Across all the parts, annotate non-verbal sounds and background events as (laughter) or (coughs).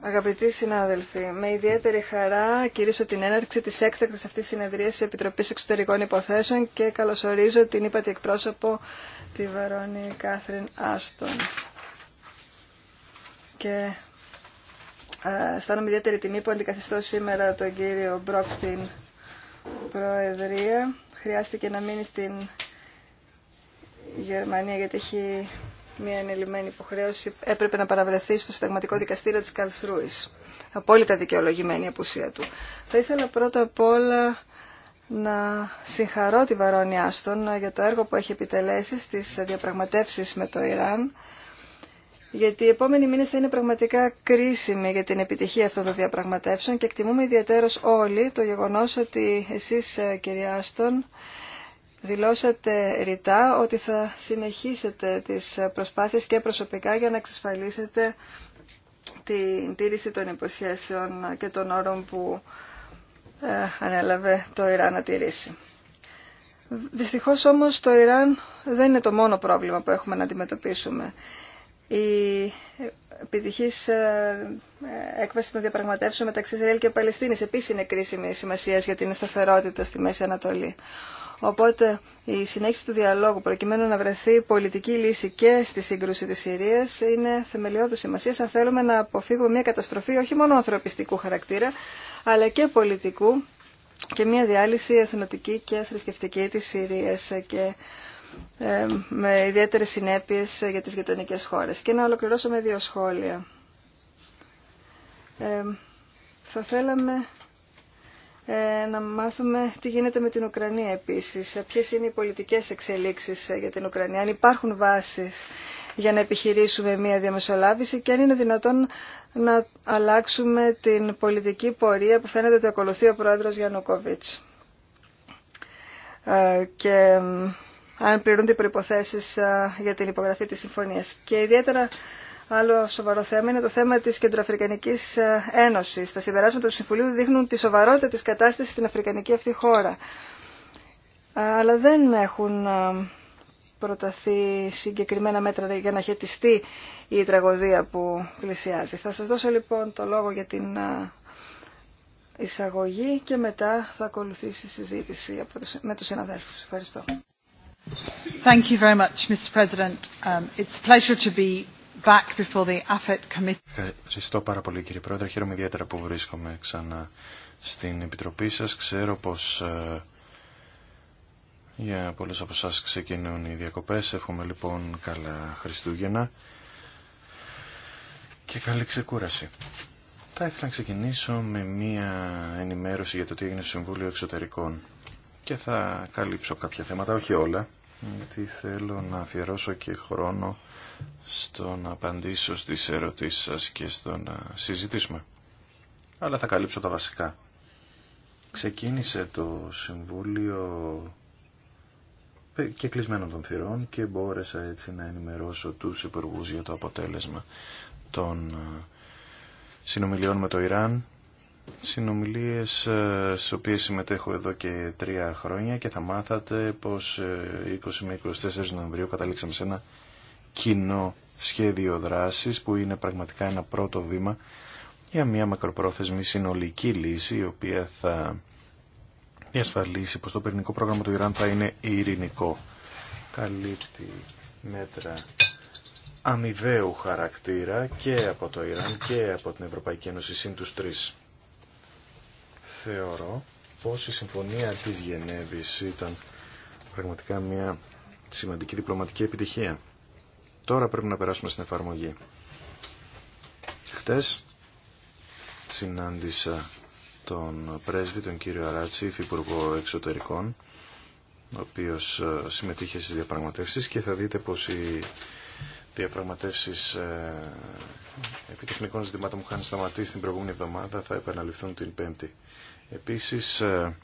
Αγαπητοί συνάδελφοι, με ιδιαίτερη χαρά κηρύσω την έναρξη της έκτακτης αυτής συνεδρίας της Επιτροπής Εξωτερικών Υποθέσεων και καλωσορίζω την ύπατη εκπρόσωπο τη Βαρόνη Κάθριν Άστον. Και ε, αισθάνομαι ιδιαίτερη τιμή που αντικαθιστώ σήμερα τον κύριο Μπρόκ στην Προεδρία. Χρειάστηκε να μείνει στην Γερμανία γιατί έχει μια ανελημμένη υποχρέωση έπρεπε να παραβρεθεί στο Συνταγματικό Δικαστήριο της Καλσρούης. Απόλυτα δικαιολογημένη η απουσία του. Θα ήθελα πρώτα απ' όλα να συγχαρώ τη Βαρόνια Άστον για το έργο που έχει επιτελέσει στις διαπραγματεύσεις με το Ιράν, γιατί οι επόμενοι μήνες θα είναι πραγματικά κρίσιμοι για την επιτυχία αυτών των διαπραγματεύσεων και εκτιμούμε ιδιαίτερως όλοι το γεγονός ότι εσεί ε, κυρία Άστον, Δηλώσατε ρητά ότι θα συνεχίσετε τις προσπάθειες και προσωπικά για να εξασφαλίσετε την τήρηση των υποσχέσεων και των όρων που ε, ανέλαβε το Ιράν να τηρήσει. Δυστυχώς όμως το Ιράν δεν είναι το μόνο πρόβλημα που έχουμε να αντιμετωπίσουμε. Η επιτυχής ε, έκβαση των διαπραγματεύσεων μεταξύ Ισραήλ και Παλαιστίνης επίσης είναι κρίσιμη σημασία για την σταθερότητα στη Μέση Ανατολή. Οπότε η συνέχιση του διαλόγου προκειμένου να βρεθεί πολιτική λύση και στη σύγκρουση της Συρίας είναι θεμελιώδη σημασία αν θέλουμε να αποφύγουμε μια καταστροφή όχι μόνο ανθρωπιστικού χαρακτήρα αλλά και πολιτικού και μια διάλυση εθνοτική και θρησκευτική της Συρίας και ε, με ιδιαίτερες συνέπειες για τις γειτονικέ χώρες. Και να ολοκληρώσω με δύο σχόλια. Ε, θα θέλαμε ε, να μάθουμε τι γίνεται με την Ουκρανία επίσης, ε, ποιες είναι οι πολιτικές εξελίξεις ε, για την Ουκρανία, αν υπάρχουν βάσεις για να επιχειρήσουμε μία διαμεσολάβηση και αν είναι δυνατόν να αλλάξουμε την πολιτική πορεία που φαίνεται ότι ακολουθεί ο πρόεδρος Γιαννουκόβιτς. Και αν πληρούνται οι προϋποθέσεις για την υπογραφή της συμφωνίας. Και ιδιαίτερα Άλλο σοβαρό θέμα είναι το θέμα της Κεντροαφρικανικής ε, Ένωσης. Τα συμπεράσματα του Συμβουλίου δείχνουν τη σοβαρότητα της κατάστασης στην Αφρικανική αυτή χώρα. Αλλά δεν έχουν ε, προταθεί συγκεκριμένα μέτρα για να χαιτιστεί η τραγωδία που πλησιάζει. Θα σας δώσω λοιπόν το λόγο για την ε, εισαγωγή και μετά θα ακολουθήσει η συζήτηση με τους συναδέλφους. Ευχαριστώ. Thank you very much, Mr. President. Um, it's a pleasure to be E Ευχαριστώ πάρα πολύ κύριε Πρόεδρε. Χαίρομαι ιδιαίτερα που βρίσκομαι ξανά στην Επιτροπή σας. Ξέρω πως ε, για πολλούς από εσάς ξεκινούν οι διακοπές. Εύχομαι λοιπόν καλά Χριστούγεννα και καλή ξεκούραση. Θα ήθελα να ξεκινήσω με μία ενημέρωση για το τι έγινε στο Συμβούλιο Εξωτερικών και θα καλύψω κάποια θέματα, όχι όλα, γιατί θέλω να αφιερώσω και χρόνο στο να απαντήσω στις ερωτήσεις σας και στο να συζητήσουμε. Αλλά θα καλύψω τα βασικά. Ξεκίνησε το Συμβούλιο και κλεισμένο των θυρών και μπόρεσα έτσι να ενημερώσω τους υπουργού για το αποτέλεσμα των ε, συνομιλιών με το Ιράν. Συνομιλίες ε, στις οποίες συμμετέχω εδώ και τρία χρόνια και θα μάθατε πως 20 ε, με 24 Νοεμβρίου καταλήξαμε σε ένα κοινό σχέδιο δράσης που είναι πραγματικά ένα πρώτο βήμα για μια μακροπρόθεσμη συνολική λύση η οποία θα διασφαλίσει πως το πυρηνικό πρόγραμμα του Ιράν θα είναι ειρηνικό. Καλύπτει μέτρα αμοιβαίου χαρακτήρα και από το Ιράν και από την Ευρωπαϊκή Ένωση σύν τους τρεις. Θεωρώ πως η συμφωνία της Γενέβης ήταν πραγματικά μια σημαντική διπλωματική επιτυχία. Τώρα πρέπει να περάσουμε στην εφαρμογή. Χτες συνάντησα τον πρέσβη, τον κύριο Αράτσι, υφυπουργό εξωτερικών, ο οποίος ε, συμμετείχε στις διαπραγματεύσεις και θα δείτε πως οι διαπραγματεύσεις ε, επιτεχνικών ζητημάτων που είχαν σταματήσει την προηγούμενη εβδομάδα θα επαναληφθούν την Πέμπτη. Επίσης, ε,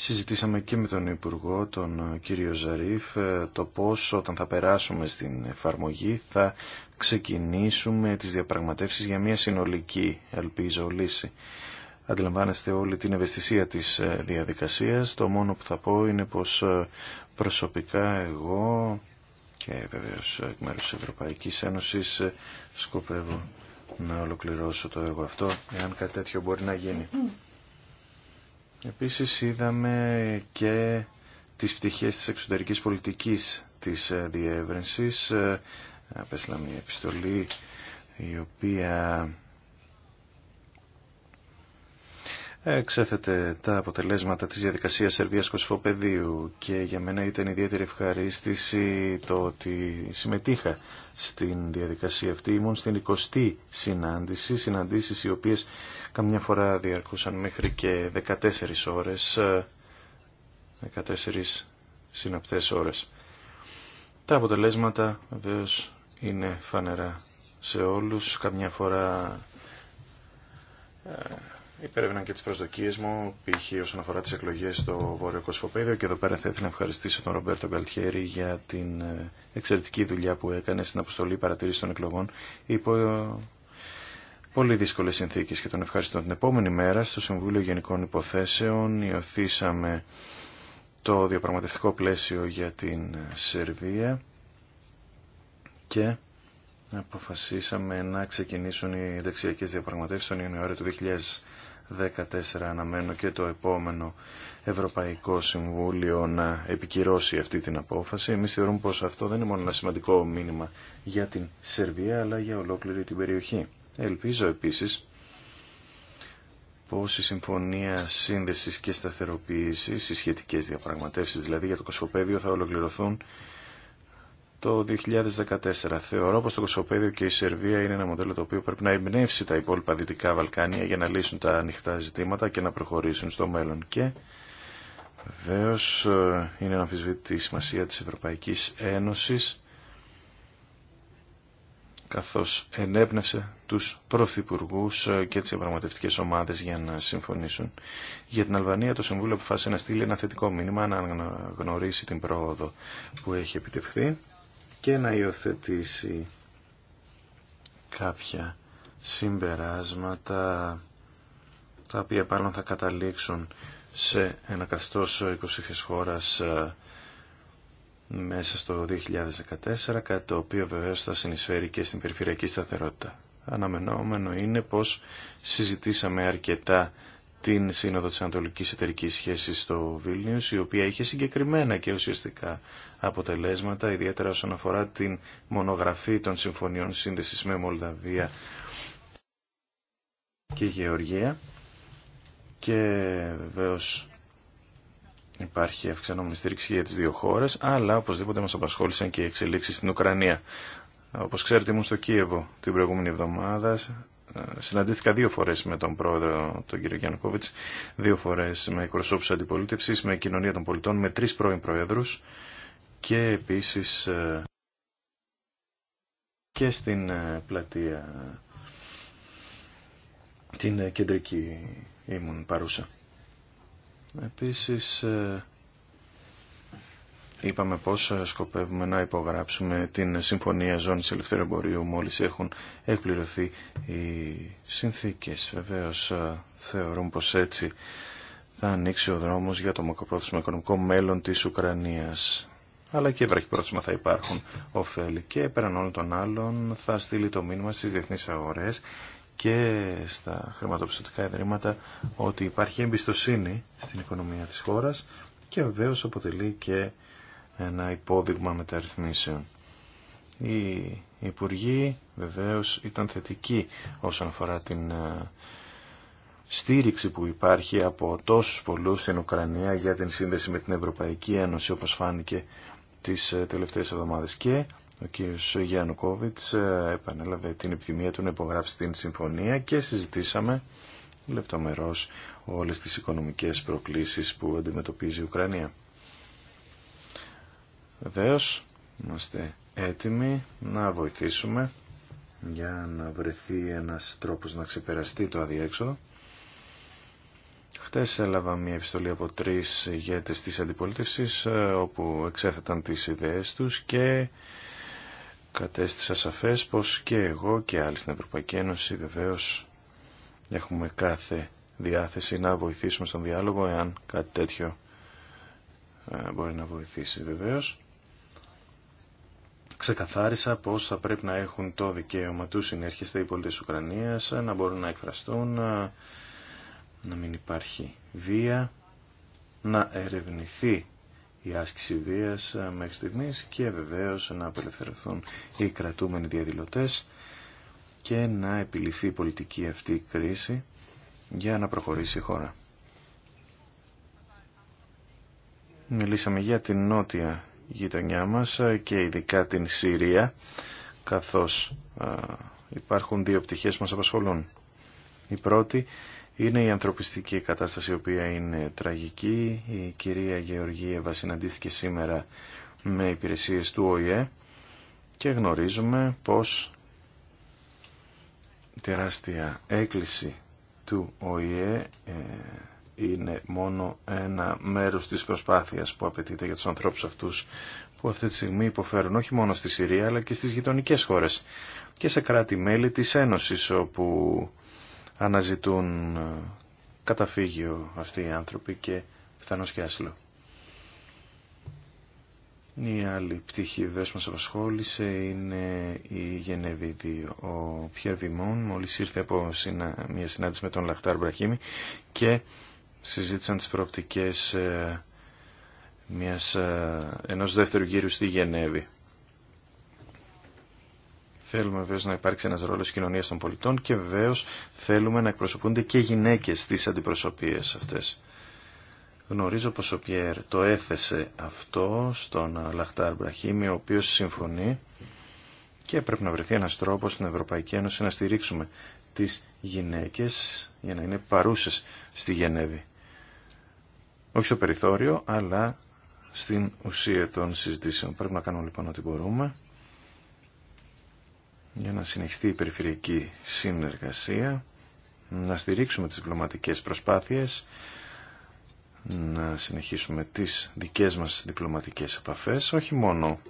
Συζητήσαμε και με τον Υπουργό, τον ε, κύριο Ζαρίφ, ε, το πώς όταν θα περάσουμε στην εφαρμογή θα ξεκινήσουμε τις διαπραγματεύσεις για μια συνολική, ελπίζω, λύση. Αντιλαμβάνεστε όλη την ευαισθησία της ε, διαδικασίας. Το μόνο που θα πω είναι πως προσωπικά εγώ και βεβαίως εκ μέρους της Ευρωπαϊκής Ένωσης σκοπεύω να ολοκληρώσω το έργο αυτό, εάν κάτι τέτοιο μπορεί να γίνει. Επίσης είδαμε και τις πτυχές της εξωτερικής πολιτικής της ε, διεύρυνσης. Ε, Απέσλαμε μια επιστολή η οποία εξέθετε τα αποτελέσματα της διαδικασίας Σερβίας Κοσφοπεδίου και για μένα ήταν ιδιαίτερη ευχαρίστηση το ότι συμμετείχα στην διαδικασία αυτή. Ήμουν στην 20η συνάντηση, συναντήσεις οι οποίες καμιά φορά διαρκούσαν μέχρι και 14 ώρες, 14 συναπτές ώρες. Τα αποτελέσματα βεβαίω είναι φανερά σε όλους, καμιά φορά ε, υπέρευναν και τι προσδοκίε μου, π.χ. όσον αφορά τι εκλογέ στο Βόρειο Κοσμοπέδιο και εδώ πέρα θα ήθελα να ευχαριστήσω τον Ρομπέρτο Γκαλτιέρη για την ε, εξαιρετική δουλειά που έκανε στην αποστολή παρατήρηση των εκλογών υπό ε, πολύ δύσκολε συνθήκε και τον ευχαριστώ. Την επόμενη μέρα στο Συμβούλιο Γενικών Υποθέσεων υιοθήσαμε το διαπραγματευτικό πλαίσιο για την ε, Σερβία και αποφασίσαμε να ξεκινήσουν οι δεξιακέ διαπραγματεύσει τον Ιανουάριο του 14 αναμένω και το επόμενο Ευρωπαϊκό Συμβούλιο να επικυρώσει αυτή την απόφαση. Εμείς θεωρούμε πως αυτό δεν είναι μόνο ένα σημαντικό μήνυμα για την Σερβία αλλά για ολόκληρη την περιοχή. Ελπίζω επίσης πως η Συμφωνία Σύνδεσης και Σταθεροποίησης, οι σχετικές διαπραγματεύσεις δηλαδή για το Κοσμοπέδιο θα ολοκληρωθούν το 2014. Θεωρώ πως το Κωσοπέδιο και η Σερβία είναι ένα μοντέλο το οποίο πρέπει να εμπνεύσει τα υπόλοιπα Δυτικά Βαλκάνια για να λύσουν τα ανοιχτά ζητήματα και να προχωρήσουν στο μέλλον. Και βεβαίω ε, είναι αμφισβήτη τη σημασία της Ευρωπαϊκής Ένωσης καθώς ενέπνευσε τους Πρωθυπουργού ε, και τις διαπραγματευτικές ομάδες για να συμφωνήσουν. Για την Αλβανία το Συμβούλιο αποφάσισε να στείλει ένα θετικό μήνυμα να αναγνωρίσει την πρόοδο που έχει επιτευχθεί και να υιοθετήσει κάποια συμπεράσματα τα οποία πάλι θα καταλήξουν σε ένα καθεστώς 20 χώρας ε, μέσα στο 2014, κάτι το οποίο βεβαίως θα συνεισφέρει και στην περιφερειακή σταθερότητα. Αναμενόμενο είναι πως συζητήσαμε αρκετά την Σύνοδο της Ανατολικής Εταιρικής Σχέσης στο Βίλνιους, η οποία είχε συγκεκριμένα και ουσιαστικά αποτελέσματα, ιδιαίτερα όσον αφορά την μονογραφή των συμφωνιών σύνδεσης με Μολδαβία και Γεωργία. Και βεβαίω υπάρχει αυξανόμενη στήριξη για τις δύο χώρες, αλλά οπωσδήποτε μας απασχόλησαν και οι εξελίξεις στην Ουκρανία. Όπως ξέρετε ήμουν στο Κίεβο την προηγούμενη εβδομάδα ε, συναντήθηκα δύο φορές με τον πρόεδρο τον κύριο δύο φορές με εκπροσώπους αντιπολίτευση, με κοινωνία των πολιτών, με τρεις πρώην προέδρους και επίσης ε, και στην ε, πλατεία την κεντρική ήμουν παρούσα. Επίσης Είπαμε πως σκοπεύουμε να υπογράψουμε την Συμφωνία Ζώνης Ελευθερίου Εμπορίου μόλις έχουν εκπληρωθεί οι συνθήκες. Βεβαίως ε, θεωρούμε πως έτσι θα ανοίξει ο δρόμος για το μακροπρόθεσμο οικονομικό μέλλον της Ουκρανίας. Αλλά και βραχυπρόθεσμα θα υπάρχουν ωφέλη και πέραν όλων των άλλων θα στείλει το μήνυμα στις διεθνείς αγορές και στα χρηματοπιστωτικά ιδρύματα ότι υπάρχει εμπιστοσύνη στην οικονομία της χώρας και βεβαίω αποτελεί και ένα υπόδειγμα μεταρρυθμίσεων. Οι Υπουργοί βεβαίως ήταν θετικοί όσον αφορά την ε, στήριξη που υπάρχει από τόσους πολλούς στην Ουκρανία για την σύνδεση με την Ευρωπαϊκή Ένωση όπως φάνηκε τις ε, τελευταίες εβδομάδες και ο κ. Γιάννου Κόβιτς ε, επανέλαβε την επιθυμία του να υπογράψει την συμφωνία και συζητήσαμε λεπτομερώς όλες τις οικονομικές προκλήσεις που αντιμετωπίζει η Ουκρανία. Βεβαίως, είμαστε έτοιμοι να βοηθήσουμε για να βρεθεί ένας τρόπος να ξεπεραστεί το αδιέξοδο. Χτες έλαβα μια επιστολή από τρεις ηγέτες της αντιπολίτευσης ε, όπου εξέθεταν τις ιδέες τους και κατέστησα σαφές πως και εγώ και άλλοι στην Ευρωπαϊκή Ένωση βεβαίως έχουμε κάθε διάθεση να βοηθήσουμε στον διάλογο εάν κάτι τέτοιο ε, μπορεί να βοηθήσει βεβαίως ξεκαθάρισα πως θα πρέπει να έχουν το δικαίωμα του συνέρχεστε οι πολίτες της Ουκρανίας, να μπορούν να εκφραστούν, να, μην υπάρχει βία, να ερευνηθεί η άσκηση βίας μέχρι στιγμής και βεβαίως να απελευθερωθούν οι κρατούμενοι διαδηλωτές και να επιληθεί η πολιτική αυτή κρίση για να προχωρήσει η χώρα. Μιλήσαμε για την νότια γειτονιά μας και ειδικά την Συρία, καθώς υπάρχουν δύο πτυχές που μας απασχολούν. Η πρώτη είναι η ανθρωπιστική κατάσταση, η οποία είναι τραγική. Η κυρία Γεωργίευα συναντήθηκε σήμερα με υπηρεσίες του ΟΗΕ και γνωρίζουμε πως τεράστια έκκληση του ΟΗΕ ε, είναι μόνο ένα μέρος της προσπάθειας που απαιτείται για τους ανθρώπους αυτούς που αυτή τη στιγμή υποφέρουν όχι μόνο στη Συρία αλλά και στις γειτονικές χώρες και σε κράτη-μέλη της Ένωσης όπου αναζητούν ε, καταφύγιο αυτοί οι άνθρωποι και πιθανώς και άσυλο. Η άλλη πτυχή βεβαίως μας απασχόλησε είναι η Γενεβίδη Ο Πιερβιμόν μόλις ήρθε από μια συνάντηση με τον Λαχτάρ Μπραχήμη και συζήτησαν τις προοπτικές ε, μιας, ε, ενός δεύτερου γύρου στη Γενέβη. Θέλουμε βέβαια να υπάρξει ένας ρόλος κοινωνίας των πολιτών και βεβαίω θέλουμε να εκπροσωπούνται και γυναίκες στις αντιπροσωπείες αυτές. Γνωρίζω πως ο Πιέρ το έθεσε αυτό στον Λαχτάρ Μπραχήμι, ο οποίος συμφωνεί και πρέπει να βρεθεί ένας τρόπος στην Ευρωπαϊκή Ένωση να στηρίξουμε τις γυναίκες για να είναι παρούσες στη Γενέβη. Όχι στο περιθώριο, αλλά στην ουσία των συζητήσεων. Πρέπει να κάνουμε λοιπόν ό,τι μπορούμε για να συνεχιστεί η περιφερειακή συνεργασία, να στηρίξουμε τις διπλωματικές προσπάθειες, να συνεχίσουμε τις δικές μας διπλωματικές επαφές, όχι μόνο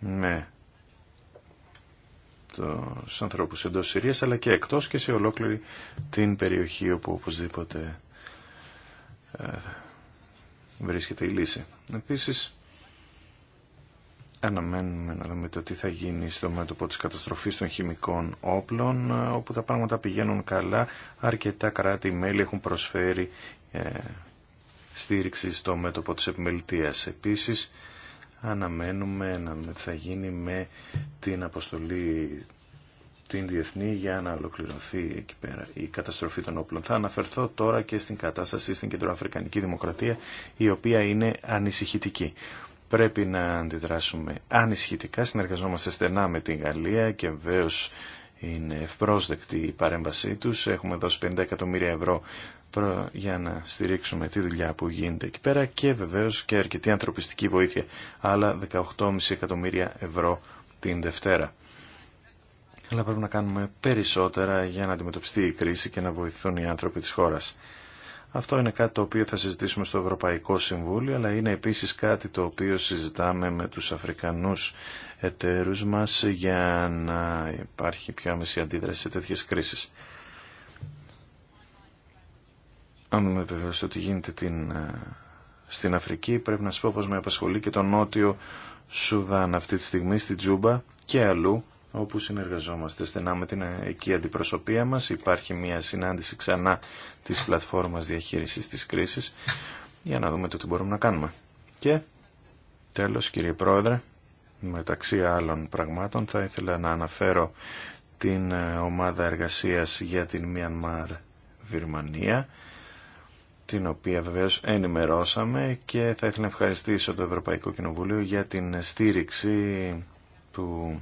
με στους ανθρώπους εντός Συρίας αλλά και εκτός και σε ολόκληρη την περιοχή όπου οπωσδήποτε ε, βρίσκεται η λύση. Επίσης, αναμένουμε να δούμε το τι θα γίνει στο μέτωπο της καταστροφής των χημικών όπλων, ε, όπου τα πράγματα πηγαίνουν καλά, αρκετά κράτη-μέλη έχουν προσφέρει ε, στήριξη στο μέτωπο της επιμελητίας. Επίσης, αναμένουμε να θα γίνει με την αποστολή την διεθνή για να ολοκληρωθεί εκεί πέρα η καταστροφή των όπλων. Θα αναφερθώ τώρα και στην κατάσταση στην Κεντροαφρικανική Δημοκρατία η οποία είναι ανησυχητική. Πρέπει να αντιδράσουμε ανησυχητικά, συνεργαζόμαστε στενά με την Γαλλία και βεβαίω είναι ευπρόσδεκτη η παρέμβασή τους. Έχουμε δώσει 50 εκατομμύρια ευρώ για να στηρίξουμε τη δουλειά που γίνεται εκεί πέρα και βεβαίως και αρκετή ανθρωπιστική βοήθεια, άλλα 18,5 εκατομμύρια ευρώ την Δευτέρα. Αλλά πρέπει να κάνουμε περισσότερα για να αντιμετωπιστεί η κρίση και να βοηθούν οι άνθρωποι της χώρας. Αυτό είναι κάτι το οποίο θα συζητήσουμε στο Ευρωπαϊκό Συμβούλιο, αλλά είναι επίσης κάτι το οποίο συζητάμε με τους Αφρικανούς εταίρους μας για να υπάρχει πιο άμεση αντίδραση σε τέτοιες κρίσεις. Αν με βεβαιώσετε ότι γίνεται την, ε, στην Αφρική, πρέπει να σα πω πως με απασχολεί και το νότιο Σουδάν αυτή τη στιγμή, στη Τζούμπα και αλλού, όπου συνεργαζόμαστε στενά με την ε, εκεί αντιπροσωπεία μας. Υπάρχει μια συνάντηση ξανά της πλατφόρμας διαχείρισης της κρίσης για να δούμε το τι μπορούμε να κάνουμε. Και τέλος κύριε Πρόεδρε, μεταξύ άλλων πραγμάτων θα ήθελα να αναφέρω την ε, ομάδα εργασίας για την Μιανμάρ Βυρμανία την οποία βεβαίως ενημερώσαμε και θα ήθελα να ευχαριστήσω το Ευρωπαϊκό Κοινοβούλιο για την στήριξη που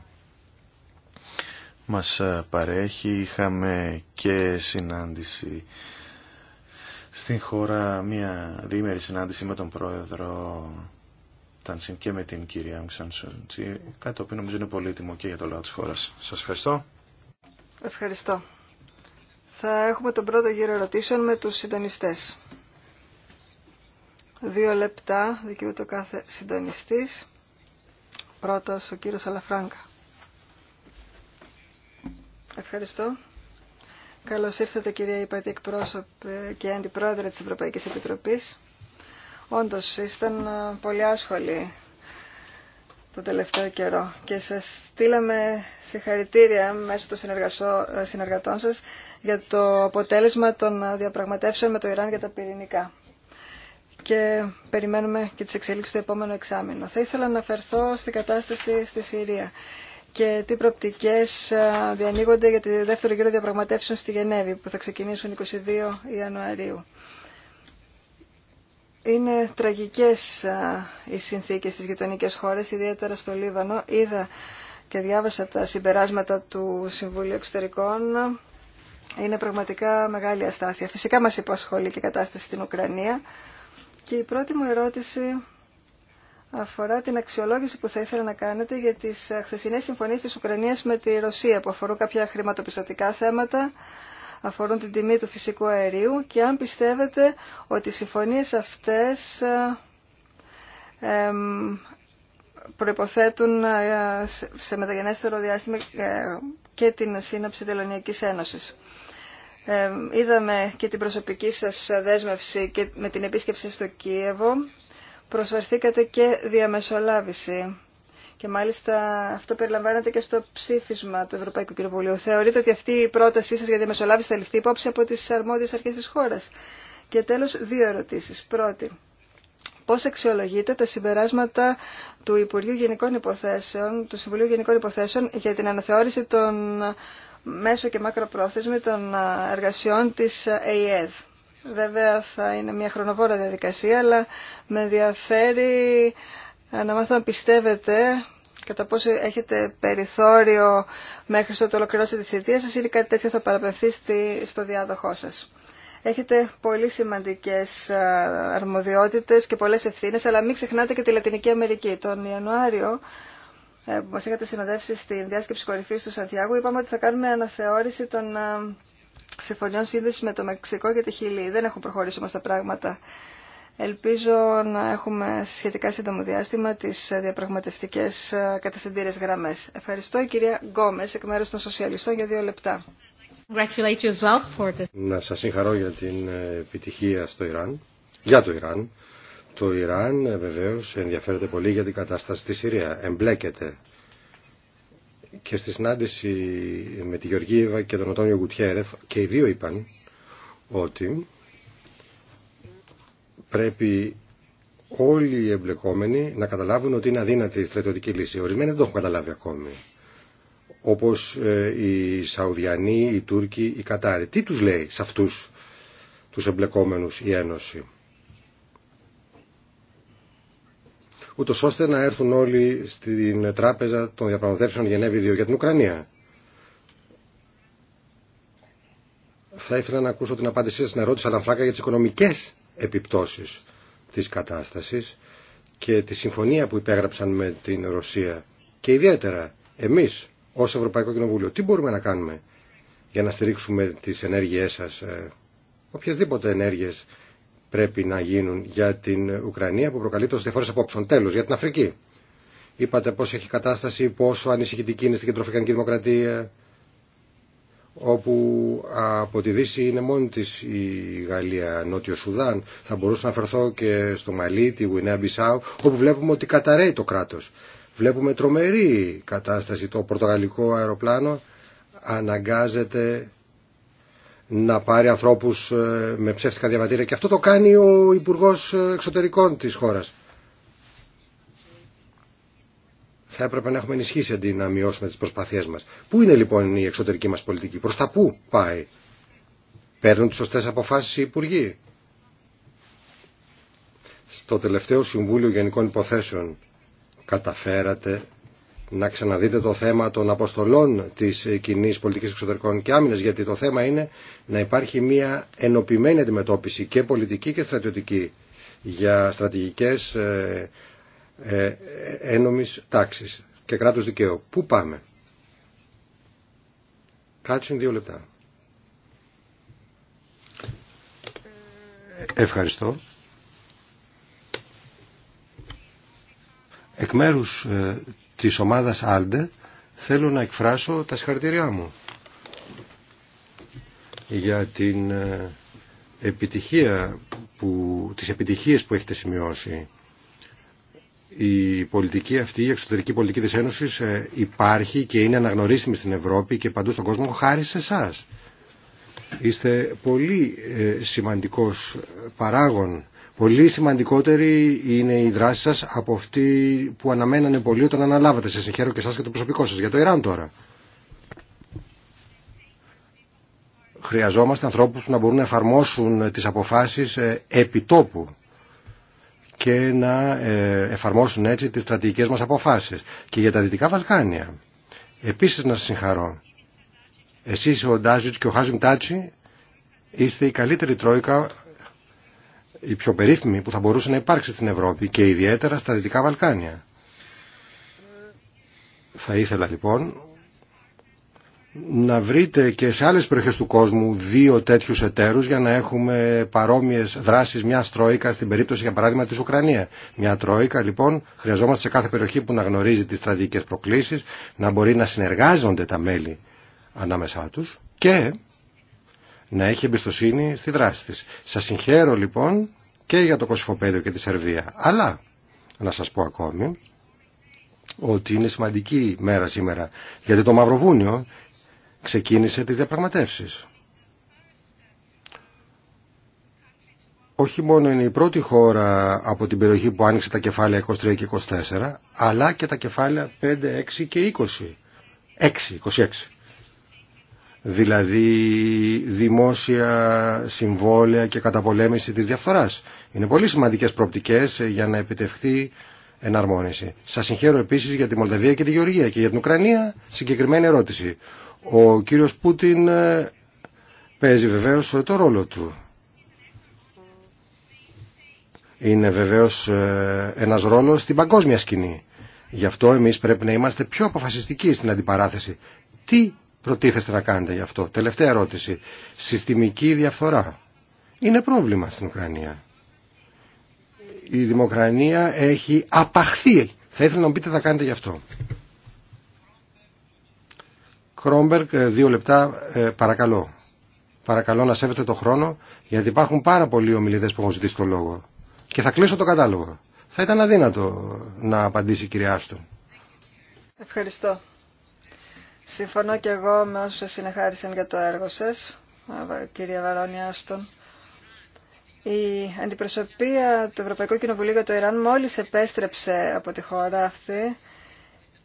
μας παρέχει. Είχαμε και συνάντηση στην χώρα, μια διήμερη συνάντηση με τον Πρόεδρο Τανσίν και με την κυρία Μξανσούντζη, κάτι το οποίο νομίζω είναι πολύτιμο και για το λαό της χώρας. Σας ευχαριστώ. Ευχαριστώ. Θα έχουμε τον πρώτο γύρο ερωτήσεων με τους συντονιστές. Δύο λεπτά δικαιούται ο κάθε συντονιστής. Πρώτος ο κύριος Αλαφράγκα. Ευχαριστώ. Καλώς ήρθατε κυρία Υπατή εκπρόσωπε και αντιπρόεδρε της Ευρωπαϊκής Επιτροπής. Όντως, ήσταν ε, πολύ άσχολοι το τελευταίο καιρό και σας στείλαμε συγχαρητήρια μέσω των ε, συνεργατών σας για το αποτέλεσμα των ε, διαπραγματεύσεων με το Ιράν για τα πυρηνικά και περιμένουμε και τις εξελίξεις του επόμενου εξάμεινου. Θα ήθελα να αναφερθώ στην κατάσταση στη Συρία και τι προπτικές ε, διανοίγονται για τη δεύτερη γύρο διαπραγματεύσεων στη Γενέβη που θα ξεκινήσουν 22 Ιανουαρίου. Είναι τραγικές ε, οι συνθήκες στις γειτονικές χώρες, ιδιαίτερα στο Λίβανο. Είδα και διάβασα τα συμπεράσματα του Συμβουλίου Εξωτερικών. Είναι πραγματικά μεγάλη αστάθεια. Φυσικά μας υποσχολεί και η κατάσταση στην Ουκρανία. Και η πρώτη μου ερώτηση αφορά την αξιολόγηση που θα ήθελα να κάνετε για τις ε, χθεσινές συμφωνίες της Ουκρανίας με τη Ρωσία που αφορούν κάποια χρηματοπιστωτικά θέματα, αφορούν την τιμή του φυσικού αερίου και αν πιστεύετε ότι οι συμφωνίες αυτές ε, προϋποθέτουν ε, σε μεταγενέστερο διάστημα και την σύναψη Τελωνιακής Ένωσης είδαμε και την προσωπική σας δέσμευση και με την επίσκεψη στο Κίεβο. Προσφερθήκατε και διαμεσολάβηση. Και μάλιστα αυτό περιλαμβάνεται και στο ψήφισμα του Ευρωπαϊκού Κοινοβουλίου. Θεωρείτε ότι αυτή η πρότασή σας για διαμεσολάβηση θα ληφθεί υπόψη από τις αρμόδιες αρχές της χώρας. Και τέλος δύο ερωτήσεις. Πρώτη, πώς αξιολογείτε τα συμπεράσματα του Υπουργείου Γενικών Υποθέσεων, του Συμβουλίου Γενικών Υποθέσεων για την αναθεώρηση των μέσο και μακροπρόθεσμη των εργασιών της ΑΕΔ. Βέβαια θα είναι μια χρονοβόρα διαδικασία, αλλά με ενδιαφέρει να μάθω αν πιστεύετε κατά πόσο έχετε περιθώριο μέχρι στο ολοκληρώσει τη θητεία σας ή κάτι τέτοιο θα παραπευθεί στο διάδοχό σας. Έχετε πολύ σημαντικές αρμοδιότητες και πολλές ευθύνες, αλλά μην ξεχνάτε και τη Λατινική Αμερική. Τον Ιανουάριο που ε, μας είχατε συνοδεύσει στην διάσκεψη κορυφή του Σαντιάγου, είπαμε ότι θα κάνουμε αναθεώρηση των ε, συμφωνιών σύνδεση με το Μεξικό και τη Χιλή. Δεν έχουν προχωρήσει όμως τα πράγματα. Ελπίζω να έχουμε σχετικά σύντομο διάστημα τις διαπραγματευτικές ε, κατευθυντήρες γραμμές. Ευχαριστώ η κυρία Γκόμες εκ μέρους των Σοσιαλιστών για δύο λεπτά. Να σας συγχαρώ για την επιτυχία στο Ιράν, για το Ιράν το Ιράν ε, βεβαίως ενδιαφέρεται πολύ για την κατάσταση στη Συρία. Εμπλέκεται και στη συνάντηση με τη Γεωργίευα και τον Αντώνιο Γκουτιέρεθ και οι δύο είπαν ότι πρέπει όλοι οι εμπλεκόμενοι να καταλάβουν ότι είναι αδύνατη η στρατιωτική λύση. Ορισμένοι δεν το έχουν καταλάβει ακόμη. Όπως ε, οι Σαουδιανοί, οι Τούρκοι, οι Κατάροι. Τι τους λέει σε αυτούς τους εμπλεκόμενους η Ένωση. ούτως ώστε να έρθουν όλοι στην τράπεζα των διαπραγματεύσεων Γενέβη 2 για την Ουκρανία. Θα ήθελα να ακούσω την απάντησή σας στην ερώτηση Αλανφράκα για τις οικονομικές επιπτώσεις της κατάστασης και τη συμφωνία που υπέγραψαν με την Ρωσία και ιδιαίτερα εμείς ως Ευρωπαϊκό Κοινοβούλιο τι μπορούμε να κάνουμε για να στηρίξουμε τις ενέργειές σας ε, οποιασδήποτε ενέργειες πρέπει να γίνουν για την Ουκρανία που προκαλεί τόσες διαφορές απόψεων. Τέλο, για την Αφρική. Είπατε πώς έχει κατάσταση, πόσο ανησυχητική είναι στην κεντροφρικανική Δημοκρατία, όπου από τη Δύση είναι μόνη τη η Γαλλία, Νότιο Σουδάν. Θα μπορούσα να φερθώ και στο Μαλί, τη Γουινέα Μπισάου, όπου βλέπουμε ότι καταραίει το κράτος. Βλέπουμε τρομερή κατάσταση. Το πορτογαλικό αεροπλάνο αναγκάζεται να πάρει ανθρώπους ε, με ψεύτικα διαβατήρια και αυτό το κάνει ο Υπουργός Εξωτερικών της χώρας. Θα έπρεπε να έχουμε ενισχύσει αντί να μειώσουμε τις προσπαθίες μας. Πού είναι λοιπόν η εξωτερική μας πολιτική, προς τα πού πάει. Παίρνουν τις σωστές αποφάσεις οι Υπουργοί. Στο τελευταίο Συμβούλιο Γενικών Υποθέσεων καταφέρατε να ξαναδείτε το θέμα των αποστολών της κοινή πολιτικής εξωτερικών και άμυνας, γιατί το θέμα είναι να υπάρχει μια ενοποιημένη αντιμετώπιση και πολιτική και στρατιωτική για στρατηγικές ε, ε, και κράτους δικαίου. Πού πάμε. Κάτσουν δύο λεπτά. Ευχαριστώ. Εκ μέρους ε, της ομάδας ALDE θέλω να εκφράσω τα συγχαρητήριά μου για την ε, επιτυχία που, τις επιτυχίες που έχετε σημειώσει. Η πολιτική αυτή, η εξωτερική πολιτική της Ένωσης ε, υπάρχει και είναι αναγνωρίσιμη στην Ευρώπη και παντού στον κόσμο χάρη σε εσά. Είστε πολύ ε, σημαντικός παράγων Πολύ σημαντικότερη είναι η δράση σας από αυτή που αναμένανε πολύ όταν αναλάβατε. σε συγχαίρω και εσάς και το προσωπικό σας για το Ιράν τώρα. Χρειαζόμαστε ανθρώπους που να μπορούν να εφαρμόσουν τις αποφάσεις ε, επιτόπου και να ε, εφαρμόσουν έτσι τις στρατηγικές μας αποφάσεις. Και για τα Δυτικά Βαλκάνια. Επίσης να σας συγχαρώ. Εσείς ο Ντάζιτς και ο Χάζιμ Τάτσι είστε η καλύτερη τρόικα η πιο περίφημη που θα μπορούσε να υπάρξει στην Ευρώπη και ιδιαίτερα στα Δυτικά Βαλκάνια. Θα ήθελα λοιπόν να βρείτε και σε άλλες περιοχές του κόσμου δύο τέτοιους εταίρους για να έχουμε παρόμοιες δράσεις μια τρόικα στην περίπτωση για παράδειγμα της Ουκρανία. Μια τρόικα λοιπόν χρειαζόμαστε σε κάθε περιοχή που να γνωρίζει τις στρατηγικές προκλήσεις, να μπορεί να συνεργάζονται τα μέλη ανάμεσά τους και να έχει εμπιστοσύνη στη δράση της. Σας συγχαίρω λοιπόν και για το Κωσυφοπέδιο και τη Σερβία. Αλλά, να σας πω ακόμη, ότι είναι σημαντική μέρα σήμερα, γιατί το Μαυροβούνιο ξεκίνησε τις διαπραγματεύσεις. όχι μόνο είναι η πρώτη χώρα από την περιοχή που άνοιξε τα κεφάλαια 23 και 24, αλλά και τα κεφάλαια 5, 6 και 20. 6, 26 δηλαδή δημόσια συμβόλαια και καταπολέμηση της διαφθοράς. Είναι πολύ σημαντικές προοπτικές για να επιτευχθεί εναρμόνιση. Σας συγχαίρω επίσης για τη Μολδαβία και τη Γεωργία και για την Ουκρανία συγκεκριμένη ερώτηση. Ο κύριος Πούτιν ε, παίζει βεβαίως το ρόλο του. Είναι βεβαίως ε, ένας ρόλος στην παγκόσμια σκηνή. Γι' αυτό εμείς πρέπει να είμαστε πιο αποφασιστικοί στην αντιπαράθεση. Τι προτίθεστε να κάνετε γι' αυτό. Τελευταία ερώτηση. Συστημική διαφθορά. Είναι πρόβλημα στην Ουκρανία. Η δημοκρανία έχει απαχθεί. Θα ήθελα να μου πείτε θα κάνετε γι' αυτό. Κρόμπερκ, ε, δύο λεπτά, ε, παρακαλώ. Παρακαλώ να σέβεστε το χρόνο, γιατί υπάρχουν πάρα πολλοί ομιλητέ που έχουν ζητήσει το λόγο. Και θα κλείσω το κατάλογο. Θα ήταν αδύνατο να απαντήσει η κυρία Άστον. Ευχαριστώ. Συμφωνώ και εγώ με όσους συνεχάρισαν για το έργο σας, κυρία Βαρόνια Άστον. Η αντιπροσωπεία του Ευρωπαϊκού Κοινοβουλίου για το Ιράν μόλις επέστρεψε από τη χώρα αυτή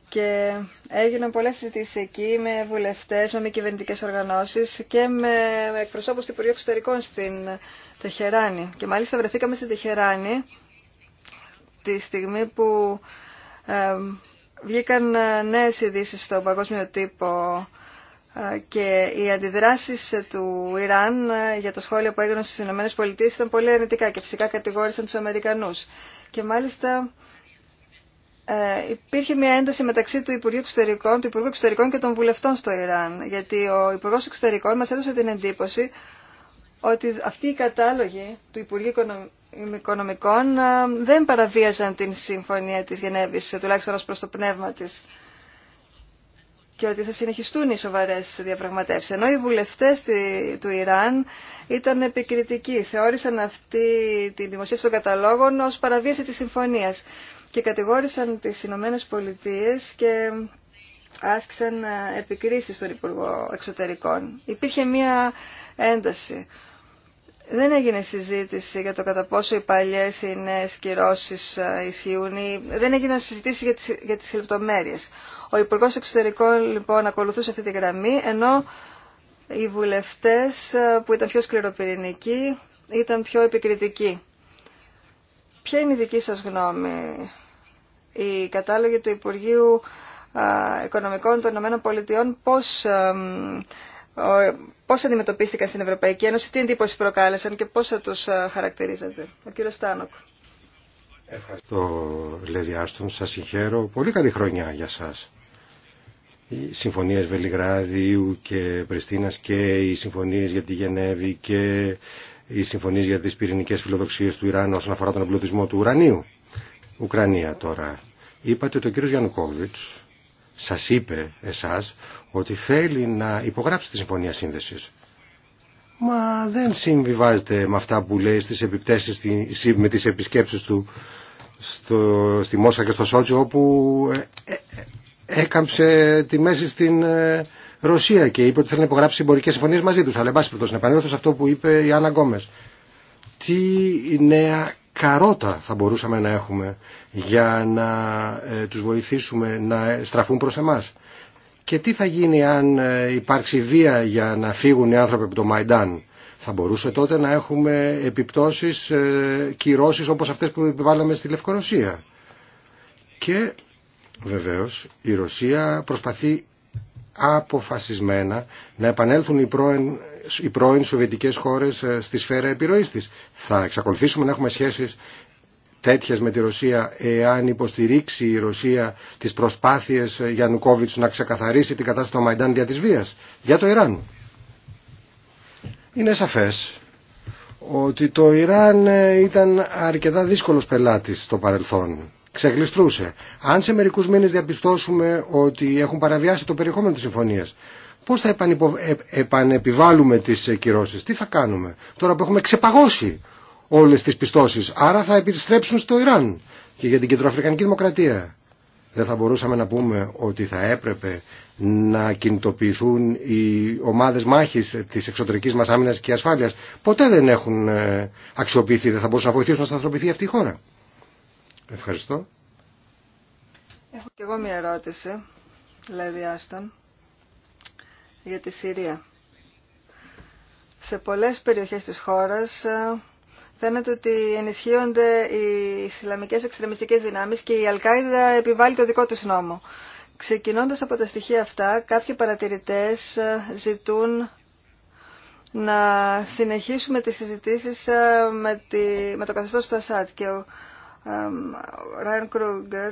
και έγιναν πολλές συζητήσεις εκεί με βουλευτές, με μη κυβερνητικέ οργανώσεις και με εκπροσώπους του Υπουργείου Εξωτερικών στην Τεχεράνη. Και μάλιστα βρεθήκαμε στην Τεχεράνη τη στιγμή που βγήκαν ε, νέες ειδήσει στον παγκόσμιο τύπο ε, και οι αντιδράσεις ε, του Ιράν για τα σχόλια που έγιναν στις ΗΠΑ ήταν πολύ αρνητικά και φυσικά κατηγόρησαν τους Αμερικανούς. Και μάλιστα υπήρχε μια ένταση μεταξύ του Υπουργείου Εξωτερικών, του Υπουργού Εξωτερικών και των βουλευτών στο Ιράν, γιατί ο Υπουργός Εξωτερικών μας έδωσε την εντύπωση ότι αυτοί οι κατάλογοι του Υπουργείου Οικονομικών ε, δεν παραβίαζαν την Συμφωνία της Γενέβης, ε, τουλάχιστον ως προς το πνεύμα της και ότι θα συνεχιστούν οι σοβαρές διαπραγματεύσεις. Ενώ οι βουλευτές του Ιράν ήταν επικριτικοί. Θεώρησαν αυτή τη δημοσίευση των καταλόγων ως παραβίαση της συμφωνίας και κατηγόρησαν τις Ηνωμένε Πολιτείε και άσκησαν ε, επικρίσεις στον Υπουργό Εξωτερικών. Υπήρχε μία ένταση. Δεν έγινε συζήτηση για το κατά πόσο οι παλιές ή οι νέες ε, ισχύουν ή δεν έγινε συζήτηση για τις, για λεπτομέρειες. Ο Υπουργός Εξωτερικών λοιπόν ακολουθούσε αυτή τη γραμμή ενώ οι βουλευτές ε, που ήταν πιο σκληροπυρηνικοί ήταν πιο επικριτικοί. Ποια είναι η δική σας γνώμη, η κατάλογοι του Υπουργείου ε, Οικονομικών των ΗΠΑ πώς Πώ αντιμετωπίστηκαν στην Ευρωπαϊκή Ένωση, τι εντύπωση προκάλεσαν και πώ θα του χαρακτηρίζατε. Ο κύριο Στάνοκ. Ευχαριστώ, Λέδη Άστον. Σας συγχαίρω. Πολύ καλή χρονιά για εσά. Οι συμφωνίε Βελιγράδιου και Πριστίνας και οι συμφωνίε για τη Γενέβη και οι συμφωνίε για τι πυρηνικέ φιλοδοξίε του Ιράν όσον αφορά τον εμπλουτισμό του ουρανίου. Ουκρανία τώρα. Είπατε ότι ο κύριο Γιανουκόβιτ, σας είπε εσάς ότι θέλει να υπογράψει τη Συμφωνία Σύνδεσης. Μα δεν συμβιβάζεται με αυτά που λέει στις επιπτώσεις, με τις επισκέψεις του στο, στη Μόσχα και στο Σότσο, όπου ε, ε, ε, έκαμψε τη μέση στην Ρωσία και είπε ότι θέλει να υπογράψει συμπορικές συμφωνίες μαζί τους. Αλλά εν πάση να επανέλθω σε αυτό που είπε η Άννα Γκόμες. Τι νέα καρότα θα μπορούσαμε να έχουμε για να ε, τους βοηθήσουμε να στραφούν προς εμάς. Και τι θα γίνει αν ε, υπάρξει βία για να φύγουν οι άνθρωποι από το Μαϊντάν. Θα μπορούσε τότε να έχουμε επιπτώσεις, ε, κυρώσεις όπως αυτές που επιβάλαμε στη Λευκορωσία. Και βεβαίως η Ρωσία προσπαθεί αποφασισμένα να επανέλθουν οι πρώην οι πρώην Σοβιετικές χώρες ε, στη σφαίρα επιρροής της. Θα εξακολουθήσουμε να έχουμε σχέσεις τέτοιες με τη Ρωσία εάν υποστηρίξει η Ρωσία τις προσπάθειες ε, Γιαννουκόβιτς να ξεκαθαρίσει την κατάσταση των Μαϊντάν δια της βίας για το Ιράν. Είναι σαφές ότι το Ιράν ε, ήταν αρκετά δύσκολος πελάτης στο παρελθόν. Ξεγλιστρούσε. Αν σε μερικού μήνε διαπιστώσουμε ότι έχουν παραβιάσει το περιεχόμενο τη συμφωνία, Πώς θα ε, επανεπιβάλλουμε τις ε, κυρώσεις, τι θα κάνουμε. Τώρα που έχουμε ξεπαγώσει όλες τις πιστώσεις, άρα θα επιστρέψουν στο Ιράν και για την Κεντροαφρικανική Δημοκρατία. Δεν θα μπορούσαμε να πούμε ότι θα έπρεπε να κινητοποιηθούν οι ομάδες μάχης της εξωτερικής μας άμυνας και ασφάλειας. Ποτέ δεν έχουν ε, αξιοποιηθεί, δεν θα μπορούσαν να βοηθήσουν να σταθεροποιηθεί αυτή η χώρα. Ευχαριστώ. Έχω και εγώ μια ερώτηση, Λέει Άσταν για τη Συρία. Σε πολλές περιοχές της χώρας ε, φαίνεται ότι ενισχύονται οι Ισλαμικές εξτρεμιστικές δυνάμεις και η Αλκάιδα επιβάλλει το δικό της νόμο. Ξεκινώντας από τα στοιχεία αυτά, κάποιοι παρατηρητές ε, ζητούν να συνεχίσουμε τις συζητήσεις ε, με, τη, με το καθεστώς του Ασάτ και ο Ράιν Κρούγκερ